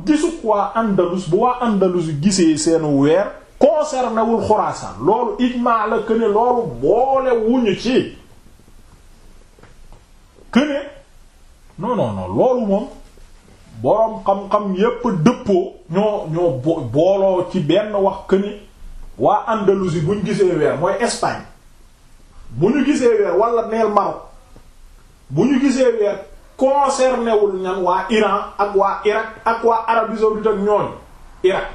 gisuk waa Andalus bu waa Andalus gisee seenu weer concerné wul Xuraasaan loolu ijmaa la que ne loolu boole wuñu ci que ne non loolu moom boroom xam-xam yépp dëppoo ñoo ñoo booloo ci benn wax que waa Andalousie bu ñu gisee weer mooy Espagne bu ñu gisee weer wala neel Maroc bu ñu gisee weer. concerné wul ñan waa Iran ak waa Irak ak waa Arabie saoudite ak ñooñu Irak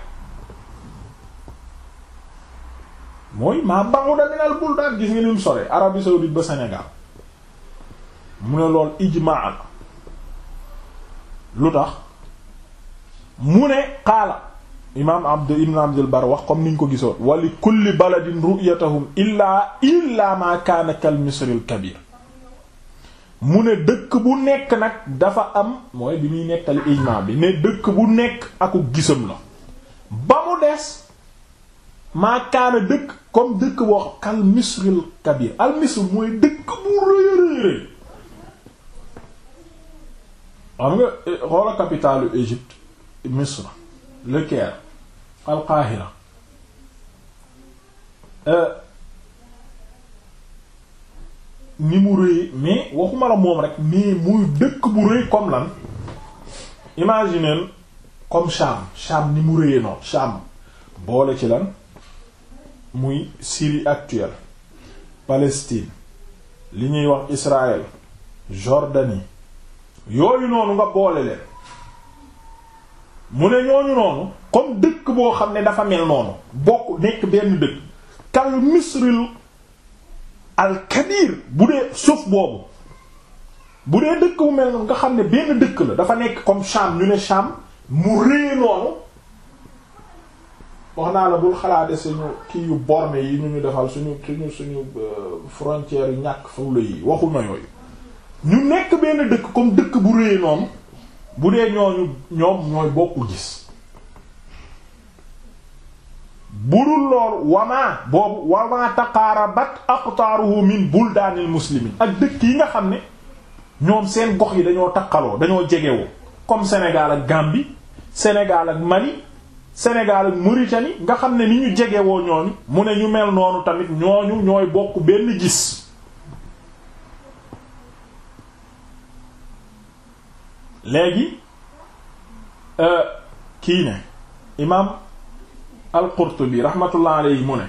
mooy maa banguda minal buldaan gis nga ni mu sore Arabie saoudite ba Sénégal mu ne lool ijmaa la lu tax mu ne qaala imaam abd ibn abdul bar wax comme niñ ko gisoon wali kulli baladin ru'yatahum illaa illaa ma kaana kal kabir mu ne dëkk bu nekk nag dafa am mooy bi muy nettali ijmaa bi ne dëkk bu nekk aku gisam la ba mu des maa dëkk comme dëkk boo xam kal misril kabir al misr mooy dëkk bu rëy rëy rëy xam nga xoola capitalu Égypte Misr Le Caire al Qahira euh, ni mu rëy mais waxuma la moom rek mais muy dëkk bu rëy comme lan imaginez comme Cham Cham ni mu rëyee noonu Cham boole ci lan muy Syrie actuelle Palestine li ñuy wax Israël Jordanie yooyu noonu nga boole leen mu ne ñooñu noonu comme dëkk boo xam ne dafa mel noonu bokk nekk benn dëkk kal misril al bu dee suuf boobu bu dee dëkk bu mel nga xam ne benn dëkk la dafa nekk comme Sham ñu ne Sham mu rëy noonu wax naa la bul xalaate suñu kii yu borne yi ñu ñu defal suñu suñu suñu euh, frontières yu ñàkk fawla yi waxuma yooyu ñu nekk benn dëkk comme dëkk bu rëy noonu bu dee ñooñu ñoom ñooy bokku gis budul loolu wamaa boobu wamaa taqaarabat aqtaaruhu min buldaanil muslimiin ak dëkk yi nga xam ne ñoom seen gox yi dañoo taqaloo dañoo jegewoo comme Sénégal ak Gambie Sénégal ak Mali Sénégal ak Mauritanie nga xam ne ni ñu jegewoo ñooñu mu ne ñu mel noonu tamit ñooñu ñooy bokk benn gis léegi euh, kii ne imaam al-Qurtubi rahmatullah alayhi mu ne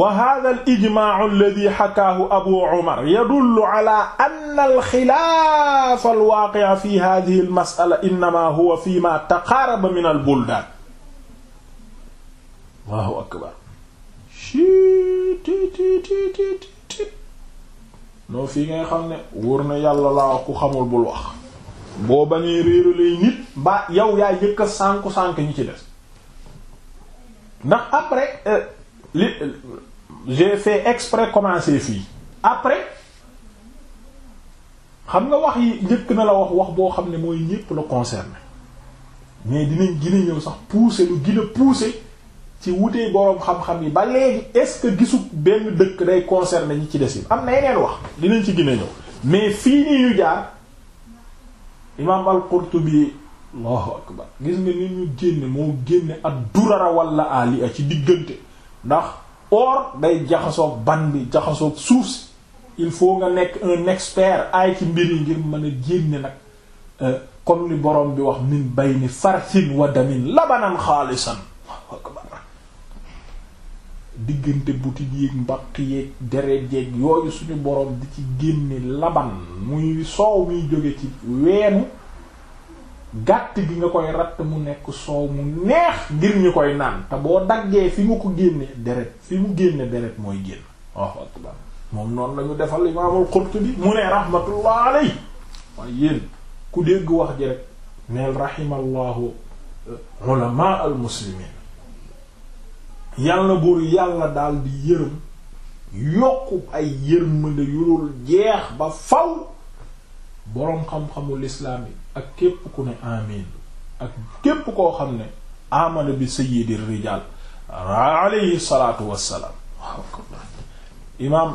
wa hadha al-ijma'u alladhi hakaahu Abu Umar yadullu ala anna al-khilaafa al-waaqi'a fi hadhihi al-mas'ala innama huwa fima taqaaraba min al-buldaan Allahu akbar noo fii ngay xam ne wóor na yàlla laa wax ku xamul bul wax boo bañee réeru lay nit mbaa yow yaa yëkka sànku sànk ñi ci des ndax après euh, li euh, j'ai fait exprès commencer fii après xam nga wax yi njëkk na la wax wax boo xam ne mooy ñépp la concerné mais dinañ gën ñëw sax pousser lu gën a ci wutee boroom xam-xam yi ba léegi est-ce que gisu benn dëkk day concerné ñi ci des yi am na yeneen wax dinañ ci gën a ñëw mais fii nii ñu jaar imam al-Qurtubi allahu akbar gis nga ni ñu génne moo génne ak durara wala ali a ci diggante ndax or day jaxasoog ban bi jaxasoog suuf si il faut nga nekk un expert aay ci mbir yi ngir mën a génne nag euh, comme li borom bi wax min bayni farsin wa damin labanan xaalisan allahu akbar diggante butit yéeg mbaq yeeg deret yeeg yooyu suñu borom di ci génne laban muy soow muy jóge ci weenu gàtt bi nga koy ratt mu nekk soow mu neex ngir ñu koy naan te boo daggee fi mu ko génne deret fi mu génne deret mooy génn waaw akbar moom noonu lañu defal imaamul Qurtubi mu ne rahmatullah alay waaye ku dégg wax ji rek neel rahimallahu uh, ulama al muslimin yàlla buur yàlla daal di yërëm yokk ay yërmande yu dul jeex ba faw boroom xam-xamul islaam ak képp ku ne amin ak képp koo xam ne amana bi sayyidi rijal alayhi salatu wassalaam imaam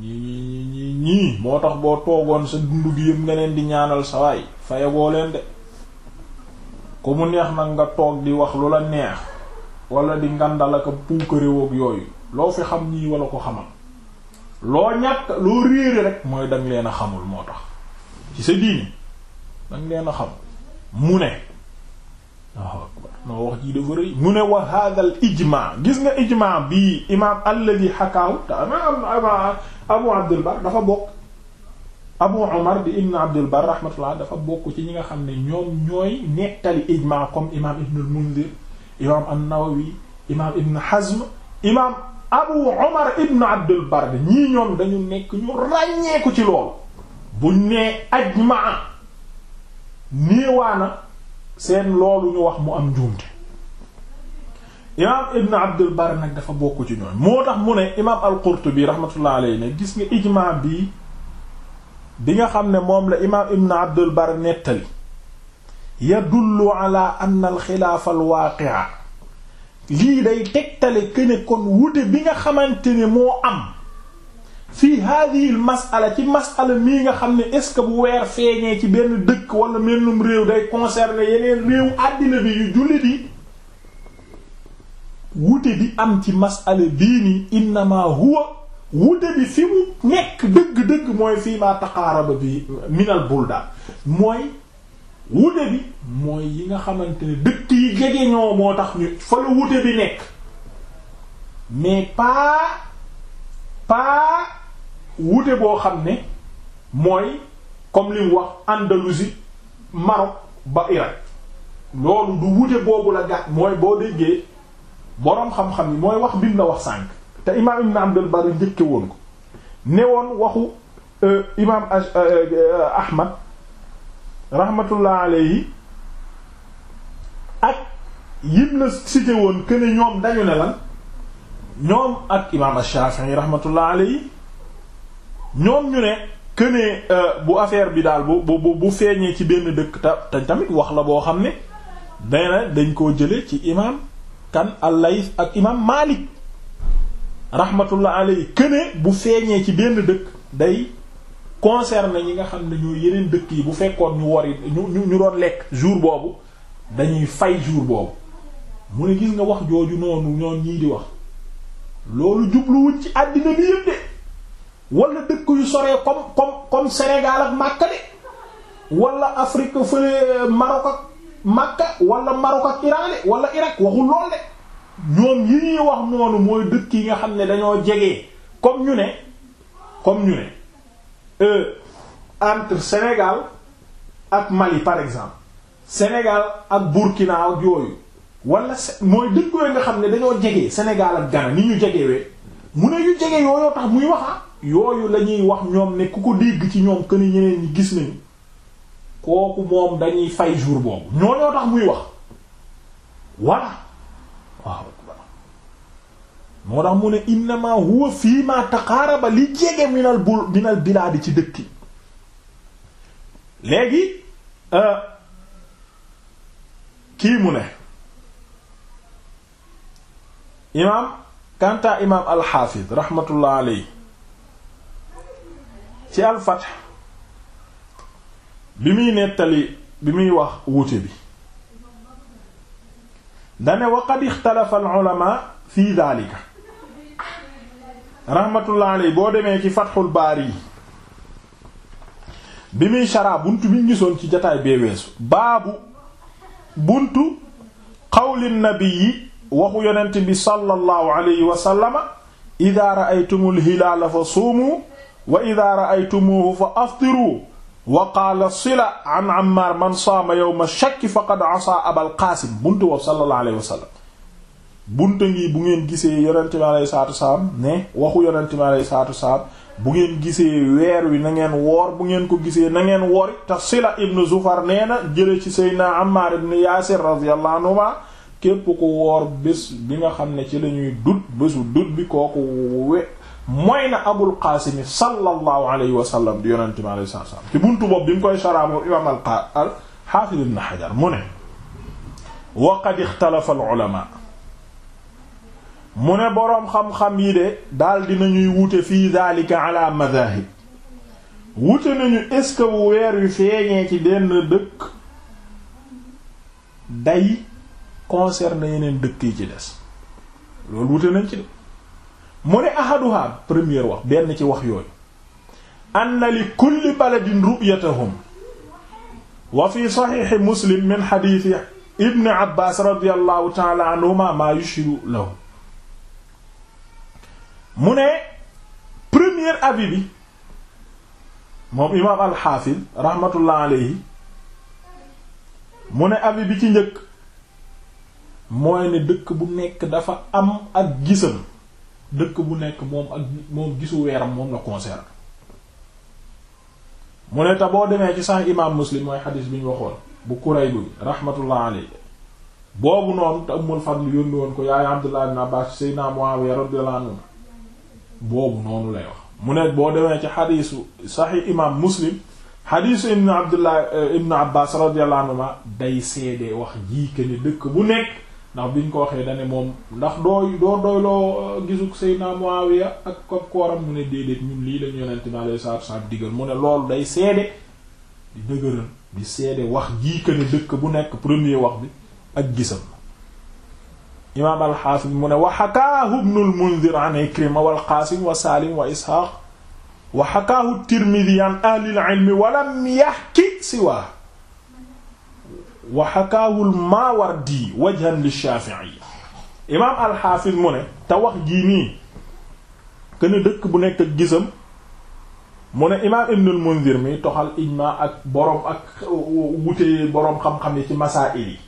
ñii ñii ñii moo tax boo toogoon sa dundu gi yëpp nga leen di ñaanal sa waay faye boo leen de ku mu neex nag nga toog di wax lu la neex wala di ngandalaka puukaréwoog yooyu loo fi xam ñii wala ko xamal loo ñàkk loo réere rek mooy dang leen a xamul moo tax ci sa diini dañ leen a xam mu ne waaw noo wax ji dafa rëy mu ne wa hadha al gis nga ijma bi imam alladi xakaahu te ama abu abdul dafa bokk abu omar di ibn abdul bar dafa bokk ci ñi nga xam ne ñoom ñooy nettali ijma comme imam ibn al mundir imam an ibn hazm imam abu omar ibn abdul bar ñii ñoom dañu nekk ñu ràññeeku ci loolu buñ nee ajmaa niiwaana seen loolu ñu wax mu am njuumte imaam ibn abdul bar nag dafa bokk ci ñooñ moo tax mu ne imaam al-Qurtubi rahmatullah alayhi gis nga ijmaa bi bi nga xam ne moom la imaam ibn abdul bar nettali yadullu ala anna al-xilaafa al lii day tegtale këne kon wute bi nga xamante ne moo am fii hadihi l masala ci masala mii nga xam ne est-ce que bu weer feeñee ci benn dëkk wala mennum réew day concerner yeneen réew àddina bi yu jullit yi wute bi am ci masala bii nii innama huwa wute bi fi mu nekk dëgg-dëgg mooy fii maa taqaaraba bi minal bulda mooy wute bi mooy yi nga xamante ne dëkk yi jege ñoo moo tax ñu wute bi nekk mais pas pas wute boo xam ne mooy comme li wax Andalousie Maroc ba Irak loolu du wute boobu la gàtt mooy boo déggee boroom xam-xam yi mooy wax bim la wax sànq te imaam Ibn Abdul bari njëkke woon ko ne woon waxu euh, imaam euh, euh, Ahmad rahmatullah yi ak yim la cité woon que ne ñoom dañu ne lan ñoom ak imaam Shafi'i rahmatullah alayhi ñoom ñu ne que euh, bu affaire bi daal bu bu bu feeñee ci benn dëkk te tamit wax la boo xam ne nee dañ koo jële ci imaam kan al ak imaam Maalik rahmatullah alayhi que ne bu feeñee ci benn dëkk day concerné ñi nga xam ne ñu yeneen dëkk yi bu fekkoon ñu wari ñu ñu ñu doon lekk jour boobu dañuy fay jour boobu mu ne gis nga wax jooju noonu ñoon ñii di wax loolu jubluwuñ ci àddina bi yëpp wala dëkk yu soree comme comme comme Sénégal ak Makka wala Afrique fële Maroc ak Makka wala Maroc ak Iran yi ñuy wax noonu dëkk yi nga xam ne dañoo jege comme ñu ne comme ñu ne euh, ak Mali par exemple Sénégal ak Burkina ak yooyu wala mooy dëkk yooyu nga xam ne dañoo jege Sénégal ak Ghana ni ñu jegewee mu ne ñu jege yooyu tax muy waxa ah. yooyu lañuy wax ñoom ne ku ko dégg ci ñoom que ni ñeneen gis nii kooku moom dañuy fay jour boobu ñoo ñoo tax muy wax walla waaw moo tax mu ne innama huwa fii ma taqaaraba li jege ci dëkk léegi euh, kii mu ne imaam kanta imaam alxaafiz raxmatullah aley ci al-Fath bi muy nettali bi muy wax wuute bi dane wa qad ixtalafa al-ulama fi dhalika rahmatullah boo demee ci Fathul Baari bi muy sharaa bunt bi ngisoon ci jataay bee weesu baabu buntu qawli nabi waxu yonent bi sallallahu alayhi wa sallama idaa ra'aytumul hilaala fa suumu wa idha ra'aytumuhu fa aftiru wa qaala sila an ammar man saama yawma shakki faqad asa abal qaasim buntu boobu sallallahu alayhi wa sallam bunta ngi bu ngeen gisee yonente bi alayhi salaatu salaam ne waxu yonente bi alayhi salaatu salaam bu ngeen gisee weer wi na ngeen woor bu ngeen ko gisee na ngeen woori te sila ibn zufar nee na jële ci seydna ammar ibn yaasir radiyallahu anhuma képp ku woor bés bi nga xam ne ci lañuy ñuy dut bésu dut bi kooku we mooy na abul qaasimi sallallahu alayhi wa sallam di yonente mi alayhi ci buntu bopp bi koy sharaa moom imaam al al xaafid xajar mu ne wa qad ixtalafa mu ne boroom xam-xam yi de daal ñuy wute fii daalika ala madahib wute nañu est-ce que bu weer wi feeñee ci denn dëkk day concerne yeneen dëkk yi ci des loolu wute nañ ci de mu ne ahaduha premier wax benn ci wax yooyu anna li kulli baladin ru'yatahum wa fi saxiixi muslim min xadiisi ibni abbas radiallahu taala anhuma maa yushiru lahu mu ne première avis bi moom imaam alxaafid rahmatullah aleyhi mu ne avis bi ci njëkk mooy ne dëkk bu nekk dafa am ak gisam dëkk bu nekk moom ak moom gisu weeram moom la concerne mu ne te boo demee ci sax imaam muslim mooy xadis bi ñu waxoon bu Kurayb bi rahmatullah alayhi boobu noonu te Ummul Fadl yónni woon ko yaay Abdullah ibn Abbas Seydina Muawiya radiyallahu anhu boobu noonu lay wax mu ne boo demee ci xadisu saxi imaam muslim xadisu ibn Abdullah eh, ibn Abbas radiyallahu anhu day seede wax jii ke ne dëkk bu nekk ndax biñ ko waxee dane moom ndax dooy doo doyloo euh, gisuk Seydina Muawiya ak ko kooram mu ne déedéet ñun lii lañu yonente mi alayhi mu ne loolu day seede di dëgëral di seede wax jii que ne dëkk bu nekk premier wax bi ak gisam imaam alxaafis mu ne wa xakaahu ibnul Munzir an Ikrima wal Qaasim wa Saalim wa Isxaaq wa xakaahu Tirmidi an ahlil ilmi walam yaxki siwaa wa xakaawul maawardi wajhan li shaafi'i imaam alxaafis mu ne te wax jii nii kën a dëkk bu nekk ak gisam mu ne imaam ibnul munzir mi toxal ijmaa ak boroom ak wute boroom xam-xam yi ci masaa'il yi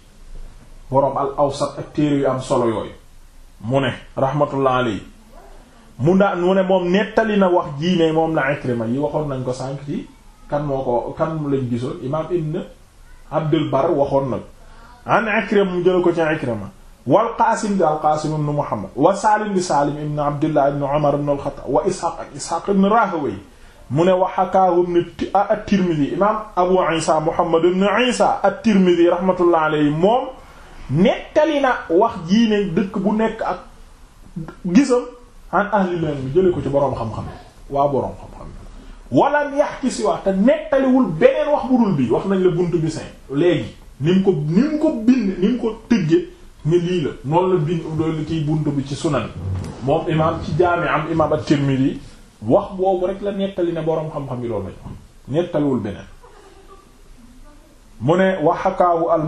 boroom al awsat ak téere yu am solo yooyu mu ne raxmatullah alayhi mu ne moom nettali na wax jii ne moom la Ikrima yi waxoon nañ ko sànk ci kan moo ko kan lañ gisoon imaam ibn Abdul Bar waxoon nag an Ikrima mu jële ko ci Ikrima wal Qaasim di al Qaasim ibn Muhammad wa Saalim di Saalim ibn Abdullah ibn Umar ibn al-Khattab wa Ishaq ak Ishaq ibn Rahawayh mu ne wa hakaahu ibn at-Tirmidhi imaam Abu Isa Muhammad ibn Isa at-Tirmidhi rahmatullah alayhi moom nettali na wax jii ne dëkk bu nekk ak gisam an ahli ilm jële ko ci boroom xam-xam waa boroom xam wala yax ci si wax te nettaliwul beneen wax bu dul bii wax nañ la buntu bi cinq léegi ni ko ni ko bind ni mu ko tëgge ni lii la noonu la bind loolu kiy buntu bi ci sunan moom imaam ci jaami am imaam at-Tirmidhi wax boobu rek la nettali na boroom xam-xam yi loolu lañ wax nettaliwul beneen mu ne wa hakaahu al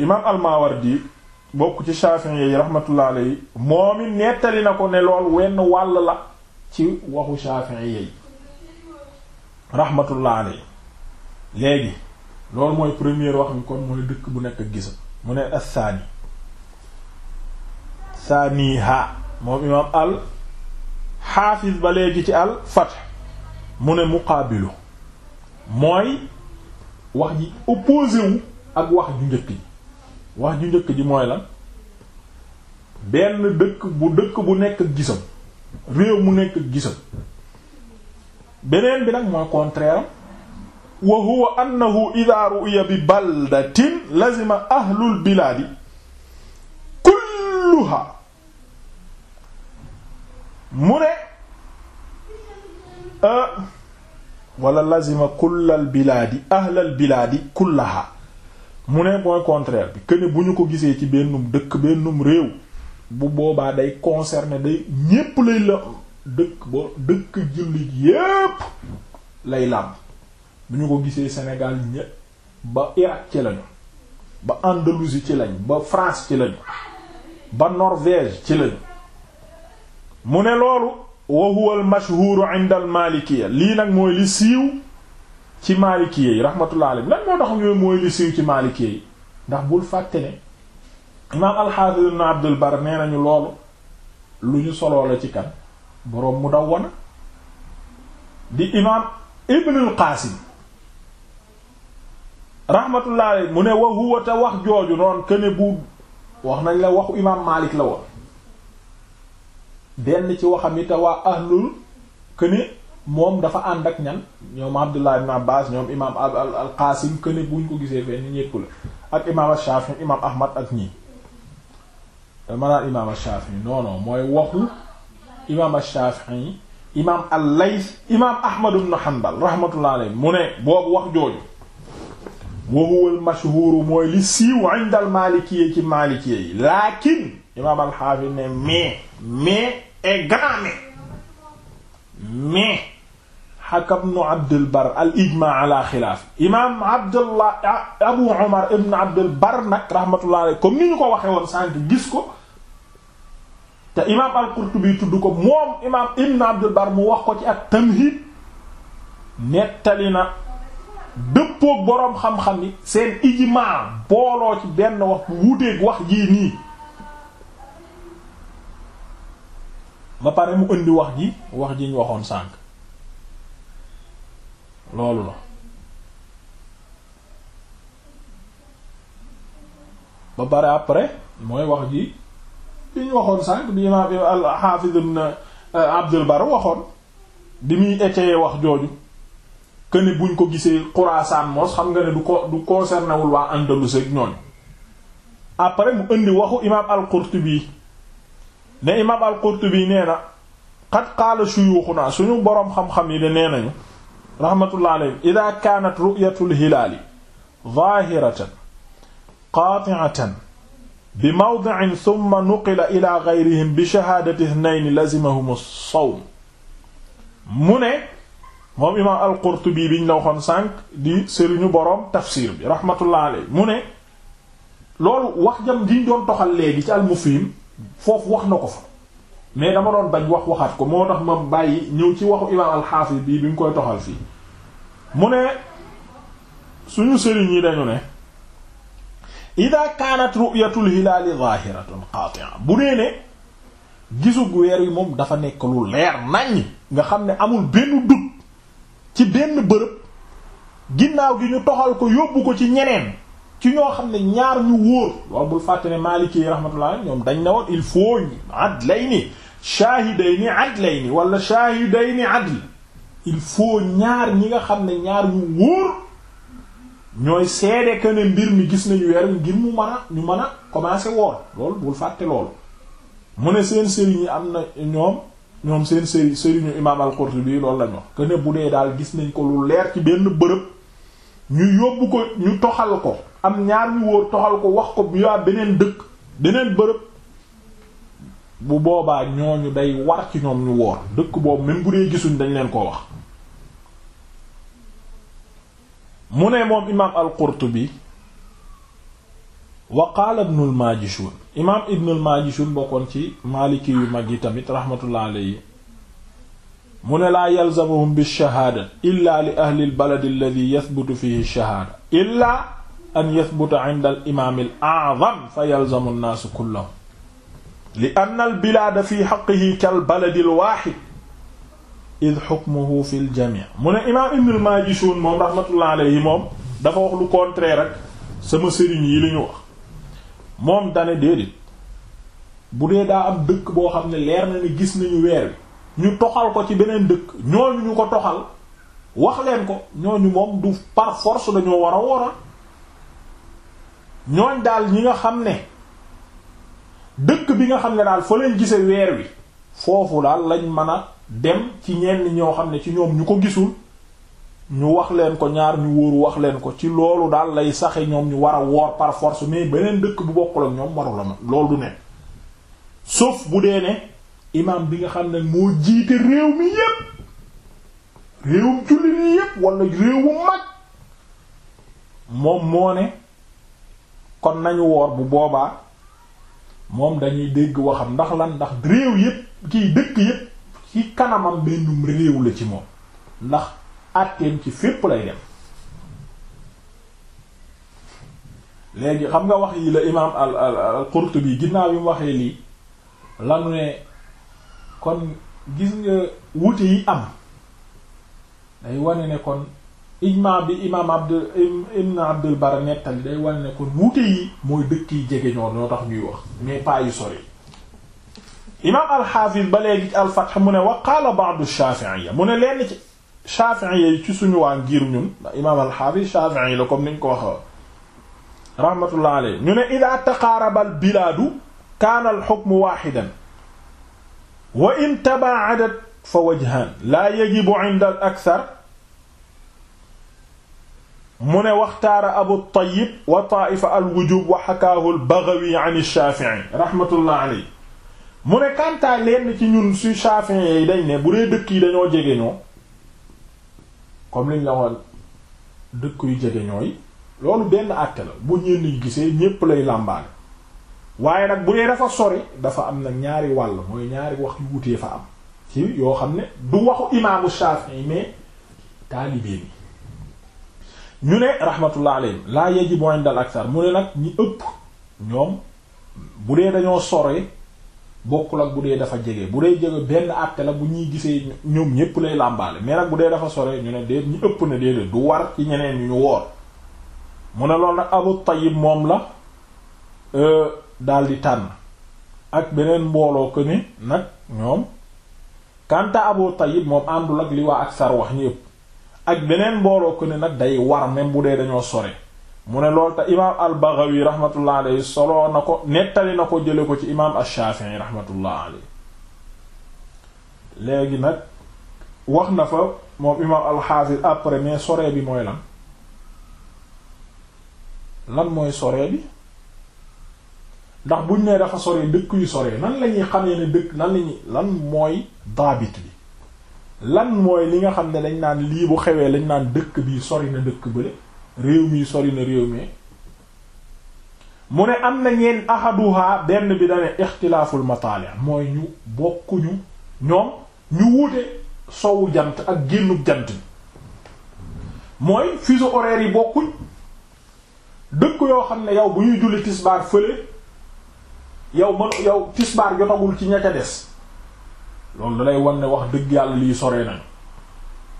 imaam al-Maawardi bokk ci Shafi'i yi rahmatullah alayhi moom it nettali na ko ne lool wenn wàll la ci waxu Shafi'i yi rahmatullah aley léegi loolu mooy première wax bi kon mooy dëkk bu nekk ak gisa mu ne assaani saaniha moom imaam al xaafis ba léegi ci al fath mu ne muqaabilu mooy wax ji opposé ak wax ju njëkk ji wax ju njëkk ji mooy la benn dëkk bu dëkk bu nekk ak gisam réew mu nekk ak gisam beneen bi nag mooy contraire wa huwa annahu idha ru'iya bi baldatin lazima ahlul bilaadi kulluha mu ne euh, wala lazima kullal bilaadi ahlal bilaadi kullaha mu ne mooy contraire bi que bu ñu ko gisee ci bennum dëkk bennum réew bu boobaa day concerner day ñépp lay la dëkk boo dëkk jullit yépp lay làmb bu ñu ko gisee senegal ñépp ba Irak ci lañu ba Andalousie ci lañ ba France ci lañu ba Norvège ci lañu mu ne loolu wa huwa al mashhur lii nag mooy li siiw ci malikiya yi rahmatullah alayhi lan moo tax mooy li siiw ci malikiya yi ndax bul fàtte ne imaam al-Hafiz ibn Bar nee nañu loolu lu ñu soloo la ci kan boroom mu daw wana di imaam ibnul qaasim rahmatullah mu ne wa te wax jooju noonu këne bu wax nañ la waxu imaam maalik la woon benn ci waxam yi te waa ahlul këne moom dafa ànd ak ñan ñoom abdullah ibn abbas ñoom imaam al qaasim këne buñ ko gisee fee ni ñépp la ak imaam ash-shafi'i imaam ahmad ak ñii dama naan imaam ash-shafi'i non mooy waxu imaam Shaafi'i imaam al-Layth imaam Ahmad ibn Hanbal rahmatullah alayhi mu ne boobu wax jooju wa huwa al-mashhuur mooy li siiw inda al-Maalikiyya ci Maalikiyya yi laakin imaam al-Haafiz ne mais mais et grand mais mais hakam ibn Abdul Barr al-ijmaa ala xilaaf imaam Abdullah Abu Umar ibn Abdul Barr nag rahmatullah alayhi comme ni ñu ko waxee woon sànq gis ko. te imaam al-Qurtubi tudd ko moom imaam Ibn Abdul Bar mu wax ko ci ak Tamhid nettali na dëppook boroom xam-xam yi seen ijmaa booloo ci benn wax bu wuteeg wax ji nii ba pare mu indi wax ji wax ji ñu waxoon sànq loolu la ba pare après mooy wax ji li ñu waxoon sànq bi imaam al-Hafiz ibn euh, Abdul Barr bi muy étayé wax jooju que ne buñ ko gisee Xuraasaan moos xam nga ne du ko du concerné wul waa Andalus ak ñooñu après mu indi waxu imaam al-Qurtubi ne imaam al-Qurtubi nee na qad qaala shuyuuxunaa suñu boroom xam-xam yi de nee nañu rahmatullah alayhi idaa kaanat ru'yatul hilaali zaahiratan qaati'atan bi mawdi'in thumma nuqila ila ghayrihim bi shahaadati ithnayni lazimahum as sow mu ne moom imaam al-Qurtubi biñ la waxoon sànq di sëriñu boroom tafsir bi rahmatullah alayhi mu ne loolu wax jam diñ doon toxal léegi ci al-Mufhim foofu wax na ko fa mais dama doon bañ wax waxaat ko moo tax ma bàyyi ñëw ci waxu imaam al bii bi ñu koy toxal fii mu ne suñu sëriñ yi dañu ne ida kaanat ru'yatul hilaali zaahiratun qaati'a bu dee ne gisug weer wi moom dafa nekk lu leer nañ nga xam ne amul benn dut ci benn bërëb ginnaaw gi ñu toxal ko yóbbu ko ci ñeneen ci ñoo xam ne ñaar ñu wóor loolu bul fàtte ne Maliki ñoom dañ ne woon il faut wala shaahidayni adl il faut ñaar ñi nga xam ne ñaar ñu wóor ñooy seede que mbir mi gis nañu weer ngir mu mën ñu mën a commencer woor loolu bul fàtte loolu mu ne seen sëriñ yi am na ñoom ñoom seen sëriñ sëriñu imaam al bii loolu la ñu wax que ne bu dee daal gis nañ ko lu leer ci benn bërëb ñu yóbbu ko ñu toxal ko am ñaar ñu wóor toxal ko wax ko yaa beneen dëkk beneen bërëb bu boobaa ñooñu day war ci ñoom ñu woor dëkk boobu même bu dee gisuñ dañ leen koo wax mu ne moom imaam al-Qurtubi wa qaala ibnu al-Maajishun imaam ibnu al-Maajishun bokkoon ci maaliki yu mag yi tamit rahmatullah alayhi mu ne laa yalzamuhum bish-shahaada illaa li ahli al-balad alladhi yathbutu fihi ash-shahaada illaa an yathbuta 'inda al-imaam al-a'zam fa yalzamu an-naasu kullahum li anna al-bilaada fi haqqihi kal-baladi al-waahid id xukmuhu fi ljami mu ne imaam ibn al-Majishun moom rahmatullah alayhi moom dafa wax lu contraire rek sama sëriñ yi li ñu wax moom dane déedéet bu dee daa am dëkk boo xam ne leer na ni gis nañu weer wi ñu toxal ko ci beneen dëkk ñooñu ñu ko toxal wax leen ko ñooñu moom du par dañoo war a wora ñooñ daal ñi nga xam ne dëkk bi nga xam ne daal fa leen gise weer wi foofu daal lañ mën a dem ci ñenn ñoo xam ne ci ñoom ñu ko gisul ñu wax leen ko ñaar ñu wóoru wax leen ko ci loolu daal lay saxe ñoom ñu war a woor par beneen dëkk bu bokkul ak ñoom waru la ma loolu du ne sauf bu dee ne imam bi nga xam ne moo jiite réew mi yépp réewum jullit yi yépp wala réewum mag moom moo ne kon nañu woor bu boobaa moom dañuy dégg waxam ndax lan ndax réew yëpp kiy dëkk yépp ci kanamam bennum réew la ci moom ndax àtteem ci fépp lay dem léegi xam nga wax yi la imaam al al al Qurtubi ginnaaw yi mu waxee lii lanu ne kon gis nga wute yi am day wane ne kon ijmaa bi imaam Abdul ibn Abdul Barr nettali day wane ne kon wute yi mooy dëkk yi jege ñoo ñoo tax ñuy wax mais pas yu sori imaam alxaafis ba léegi alfatx mu ne wa qaala ba'du shaafi'iyya mu ne lenn ci shaafi'iyya yi ci suñu waa ngir ñun ndax imaam alxaafis shaafi'i la comme niñ ko waxee rahmatullah alayhi ñu ne idaa taqaaraba al bilaadu kaana al hukmu waahidan wa in tabaa'adat fa wajhaan laa yajibu 'inda al akthar mu ne waxtaara abu tayyib wa taa'ifa al wujub wa hakaahu al baghawi 'an ash-shaafi'i rahmatullah alayhi mu ne kantaa lenn ci ñun su Shafi'i yi dañ ne bu dee dëkk yi dañoo jege ñoo comme liñ la waxoon dëkk yu jege ñooy loolu benn àtte la bu ñenn yi gisee ñépp lay làmbaale waaye nag bu dee dafa sori dafa am nag ñaari wàll mooy ñaari wax yu wutee fa am ci yoo xam ne du waxu imaamu yi mais taalibee bi ñu ne rahmatullah alayhim laa yajibu 'inda al-akthar mu ne nag ñi ëpp ñoom bu dee dañoo sore bokkul ak bu dee dafa jege bu dee jege benn àtte la bu ñuy gisee ñoom ñépp lay làmbaale mais nag bu dee dafa sore ñu ne déet ñu ëpp na déedéet du war ci ñeneen ñu ñu woor mu ne loolu nag Abu moom la euh, daldi tànn ak beneen mbooloo ko ni nag ñoom kanta Abu Tayyib moom àndul ak li waa ak sar wax ñu ñépp ak beneen mbooloo ko ni nag day war même bu dee dañoo sore mu ne loolu te imaam al-Baghawi rahmatullah alayhi soloo na ko nettali na ko jële ko ci imaam al-Shafi'i rahmatullah alayhi léegi nag wax na fa moom imaam al-Hafiz après mais sore bi mooy lan lan mooy soree bi ndax buñ nee dafa soree dëkk yu soree nan lañuy ñuy ne dëkk nan lañuy lan mooy daabit bi lan mooy li nga xam ne dañ naan lii bu xewee lañ naan dëkk bii sori na dëkk bële réew mi sori na réew mi mu ne am na ñeen ahaduha benn bi dane ixtilaaful mataali mooy ñu bokkuñu ñoom ñu wuute sowu jant ak génnub jant bi mooy fuseau yi bokkuñ dëkk yoo xam ne yow bu ñuy julli tisbaar fële yow man yow tisbaar jotagul ci ña ca des loolu da lay wan ne wax dëgg yàlla lii sore nañu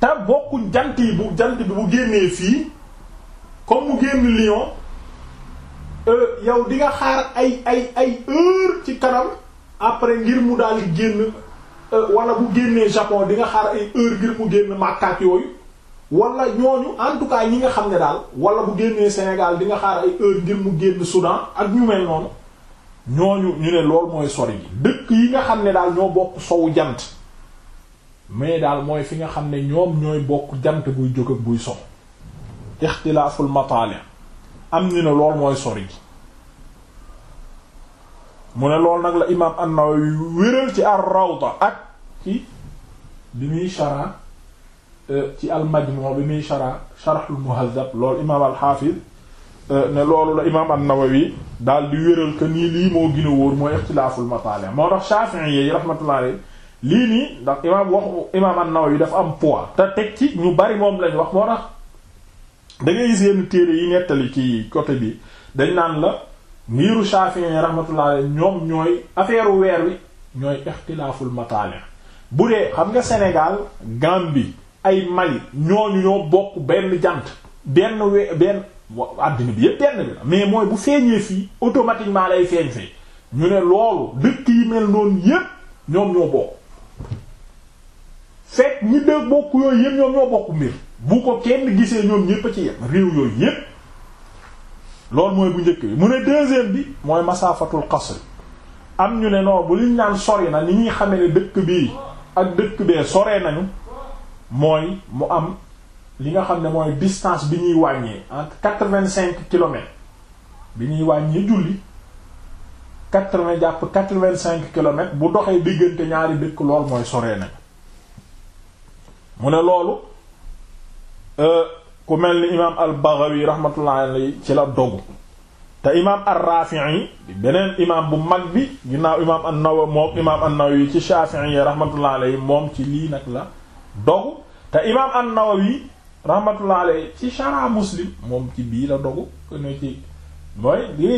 te bokkuñ jant yi bu jant bi bu génnee fii comme mu génn Lyon euh, yow di nga xaar ay ay ay heure ci kanam après ngir mu daal génn euh, wala bu génnee Japon di nga xaar ay heure ngir mu génn màkkaat yooyu wala ñooñu en tout cas ñi nga xam ne daal wala bu génnee Sénégal di nga xaar ay heure ngir mu génn Soudan ak ñu mel noonu ñooñu ñu ne lool mooy sori gi dëkk yi nga xam ne daal ñoo bokk sowu jant mais daal mooy fi nga xam ne ñoom ñooy bokk jant buy jóg ak buy sow ixtilaaful mataali am ñu ne lool mooy sori mu ne lool nag la imaam an-Nawawi wéral ci ar-Rawda ak ci bi muy shara euh, ci al-Majmu' bi muy shara sharhul Muhazzab lool imaam al-Hafiz euh, ne loolu la imaam an-Nawawi daal di wéral que nii lii moo gën a wóor mooy ixtilaaful mataali moo tax Shafi'i yi rahmatullahi alayhi lii nii ndax imaam waxu imaam an-Nawawi dafa am poids te teg ci ñu wax moo da ngay téere yi nettali ci côté bi dañ naan la ngiiru Shafi'i rahmatullah ñoom ñooy affaire weer wi ñooy ixtilaaful mataali bu xam nga senegaal Gambie ay Mali ñooñu ñoo bokk benn jant benn we benn àddina bi yépp benn bi la mais mooy bu feeñee fii automatiquement lay feeñ fee ñu ne loolu dëkk yi mel noonu yépp ñoom ñoo bokk fekk ñi dëkk bokk yooyu yépp ñoom ñoo bokk mbir bu ko kenn gisee ñoom ñépp a ci yem réew yooyu yépp loolu mooy bu njëkk bi mu ne deuxième bi mooy masaafatul qasr am ñu ne non bu liñ naan sori na ni ñuy xam ne dëkk bii ak dëkk bee soree nañu mooy mu am li nga xam ne mooy distance bi ñuy wàññee entre quatre-vingt-cinq kilomètres bi ñuy wàññee julli quatre-vingts jàpp quatre-vingt-cinq kilomètres bu doxee diggante ñaari dëkk lool mooy sore nañu mu ne loolu Euh, ku mel ni imaam al-Baghawi rahmatullahi alayhi ci la dogu te imaam ar-Rafi'i beneen imaam bu mag bi ginnaaw imaam an-Nawawi moom imaam an-Nawawi ci Shafi'i rahmatullahi alayhi moom ci lii nag la dogu te imaam an-Nawawi rahmatullahi alayhi ci Sharh Muslim moom ci bii la dogu ko ne ci mooy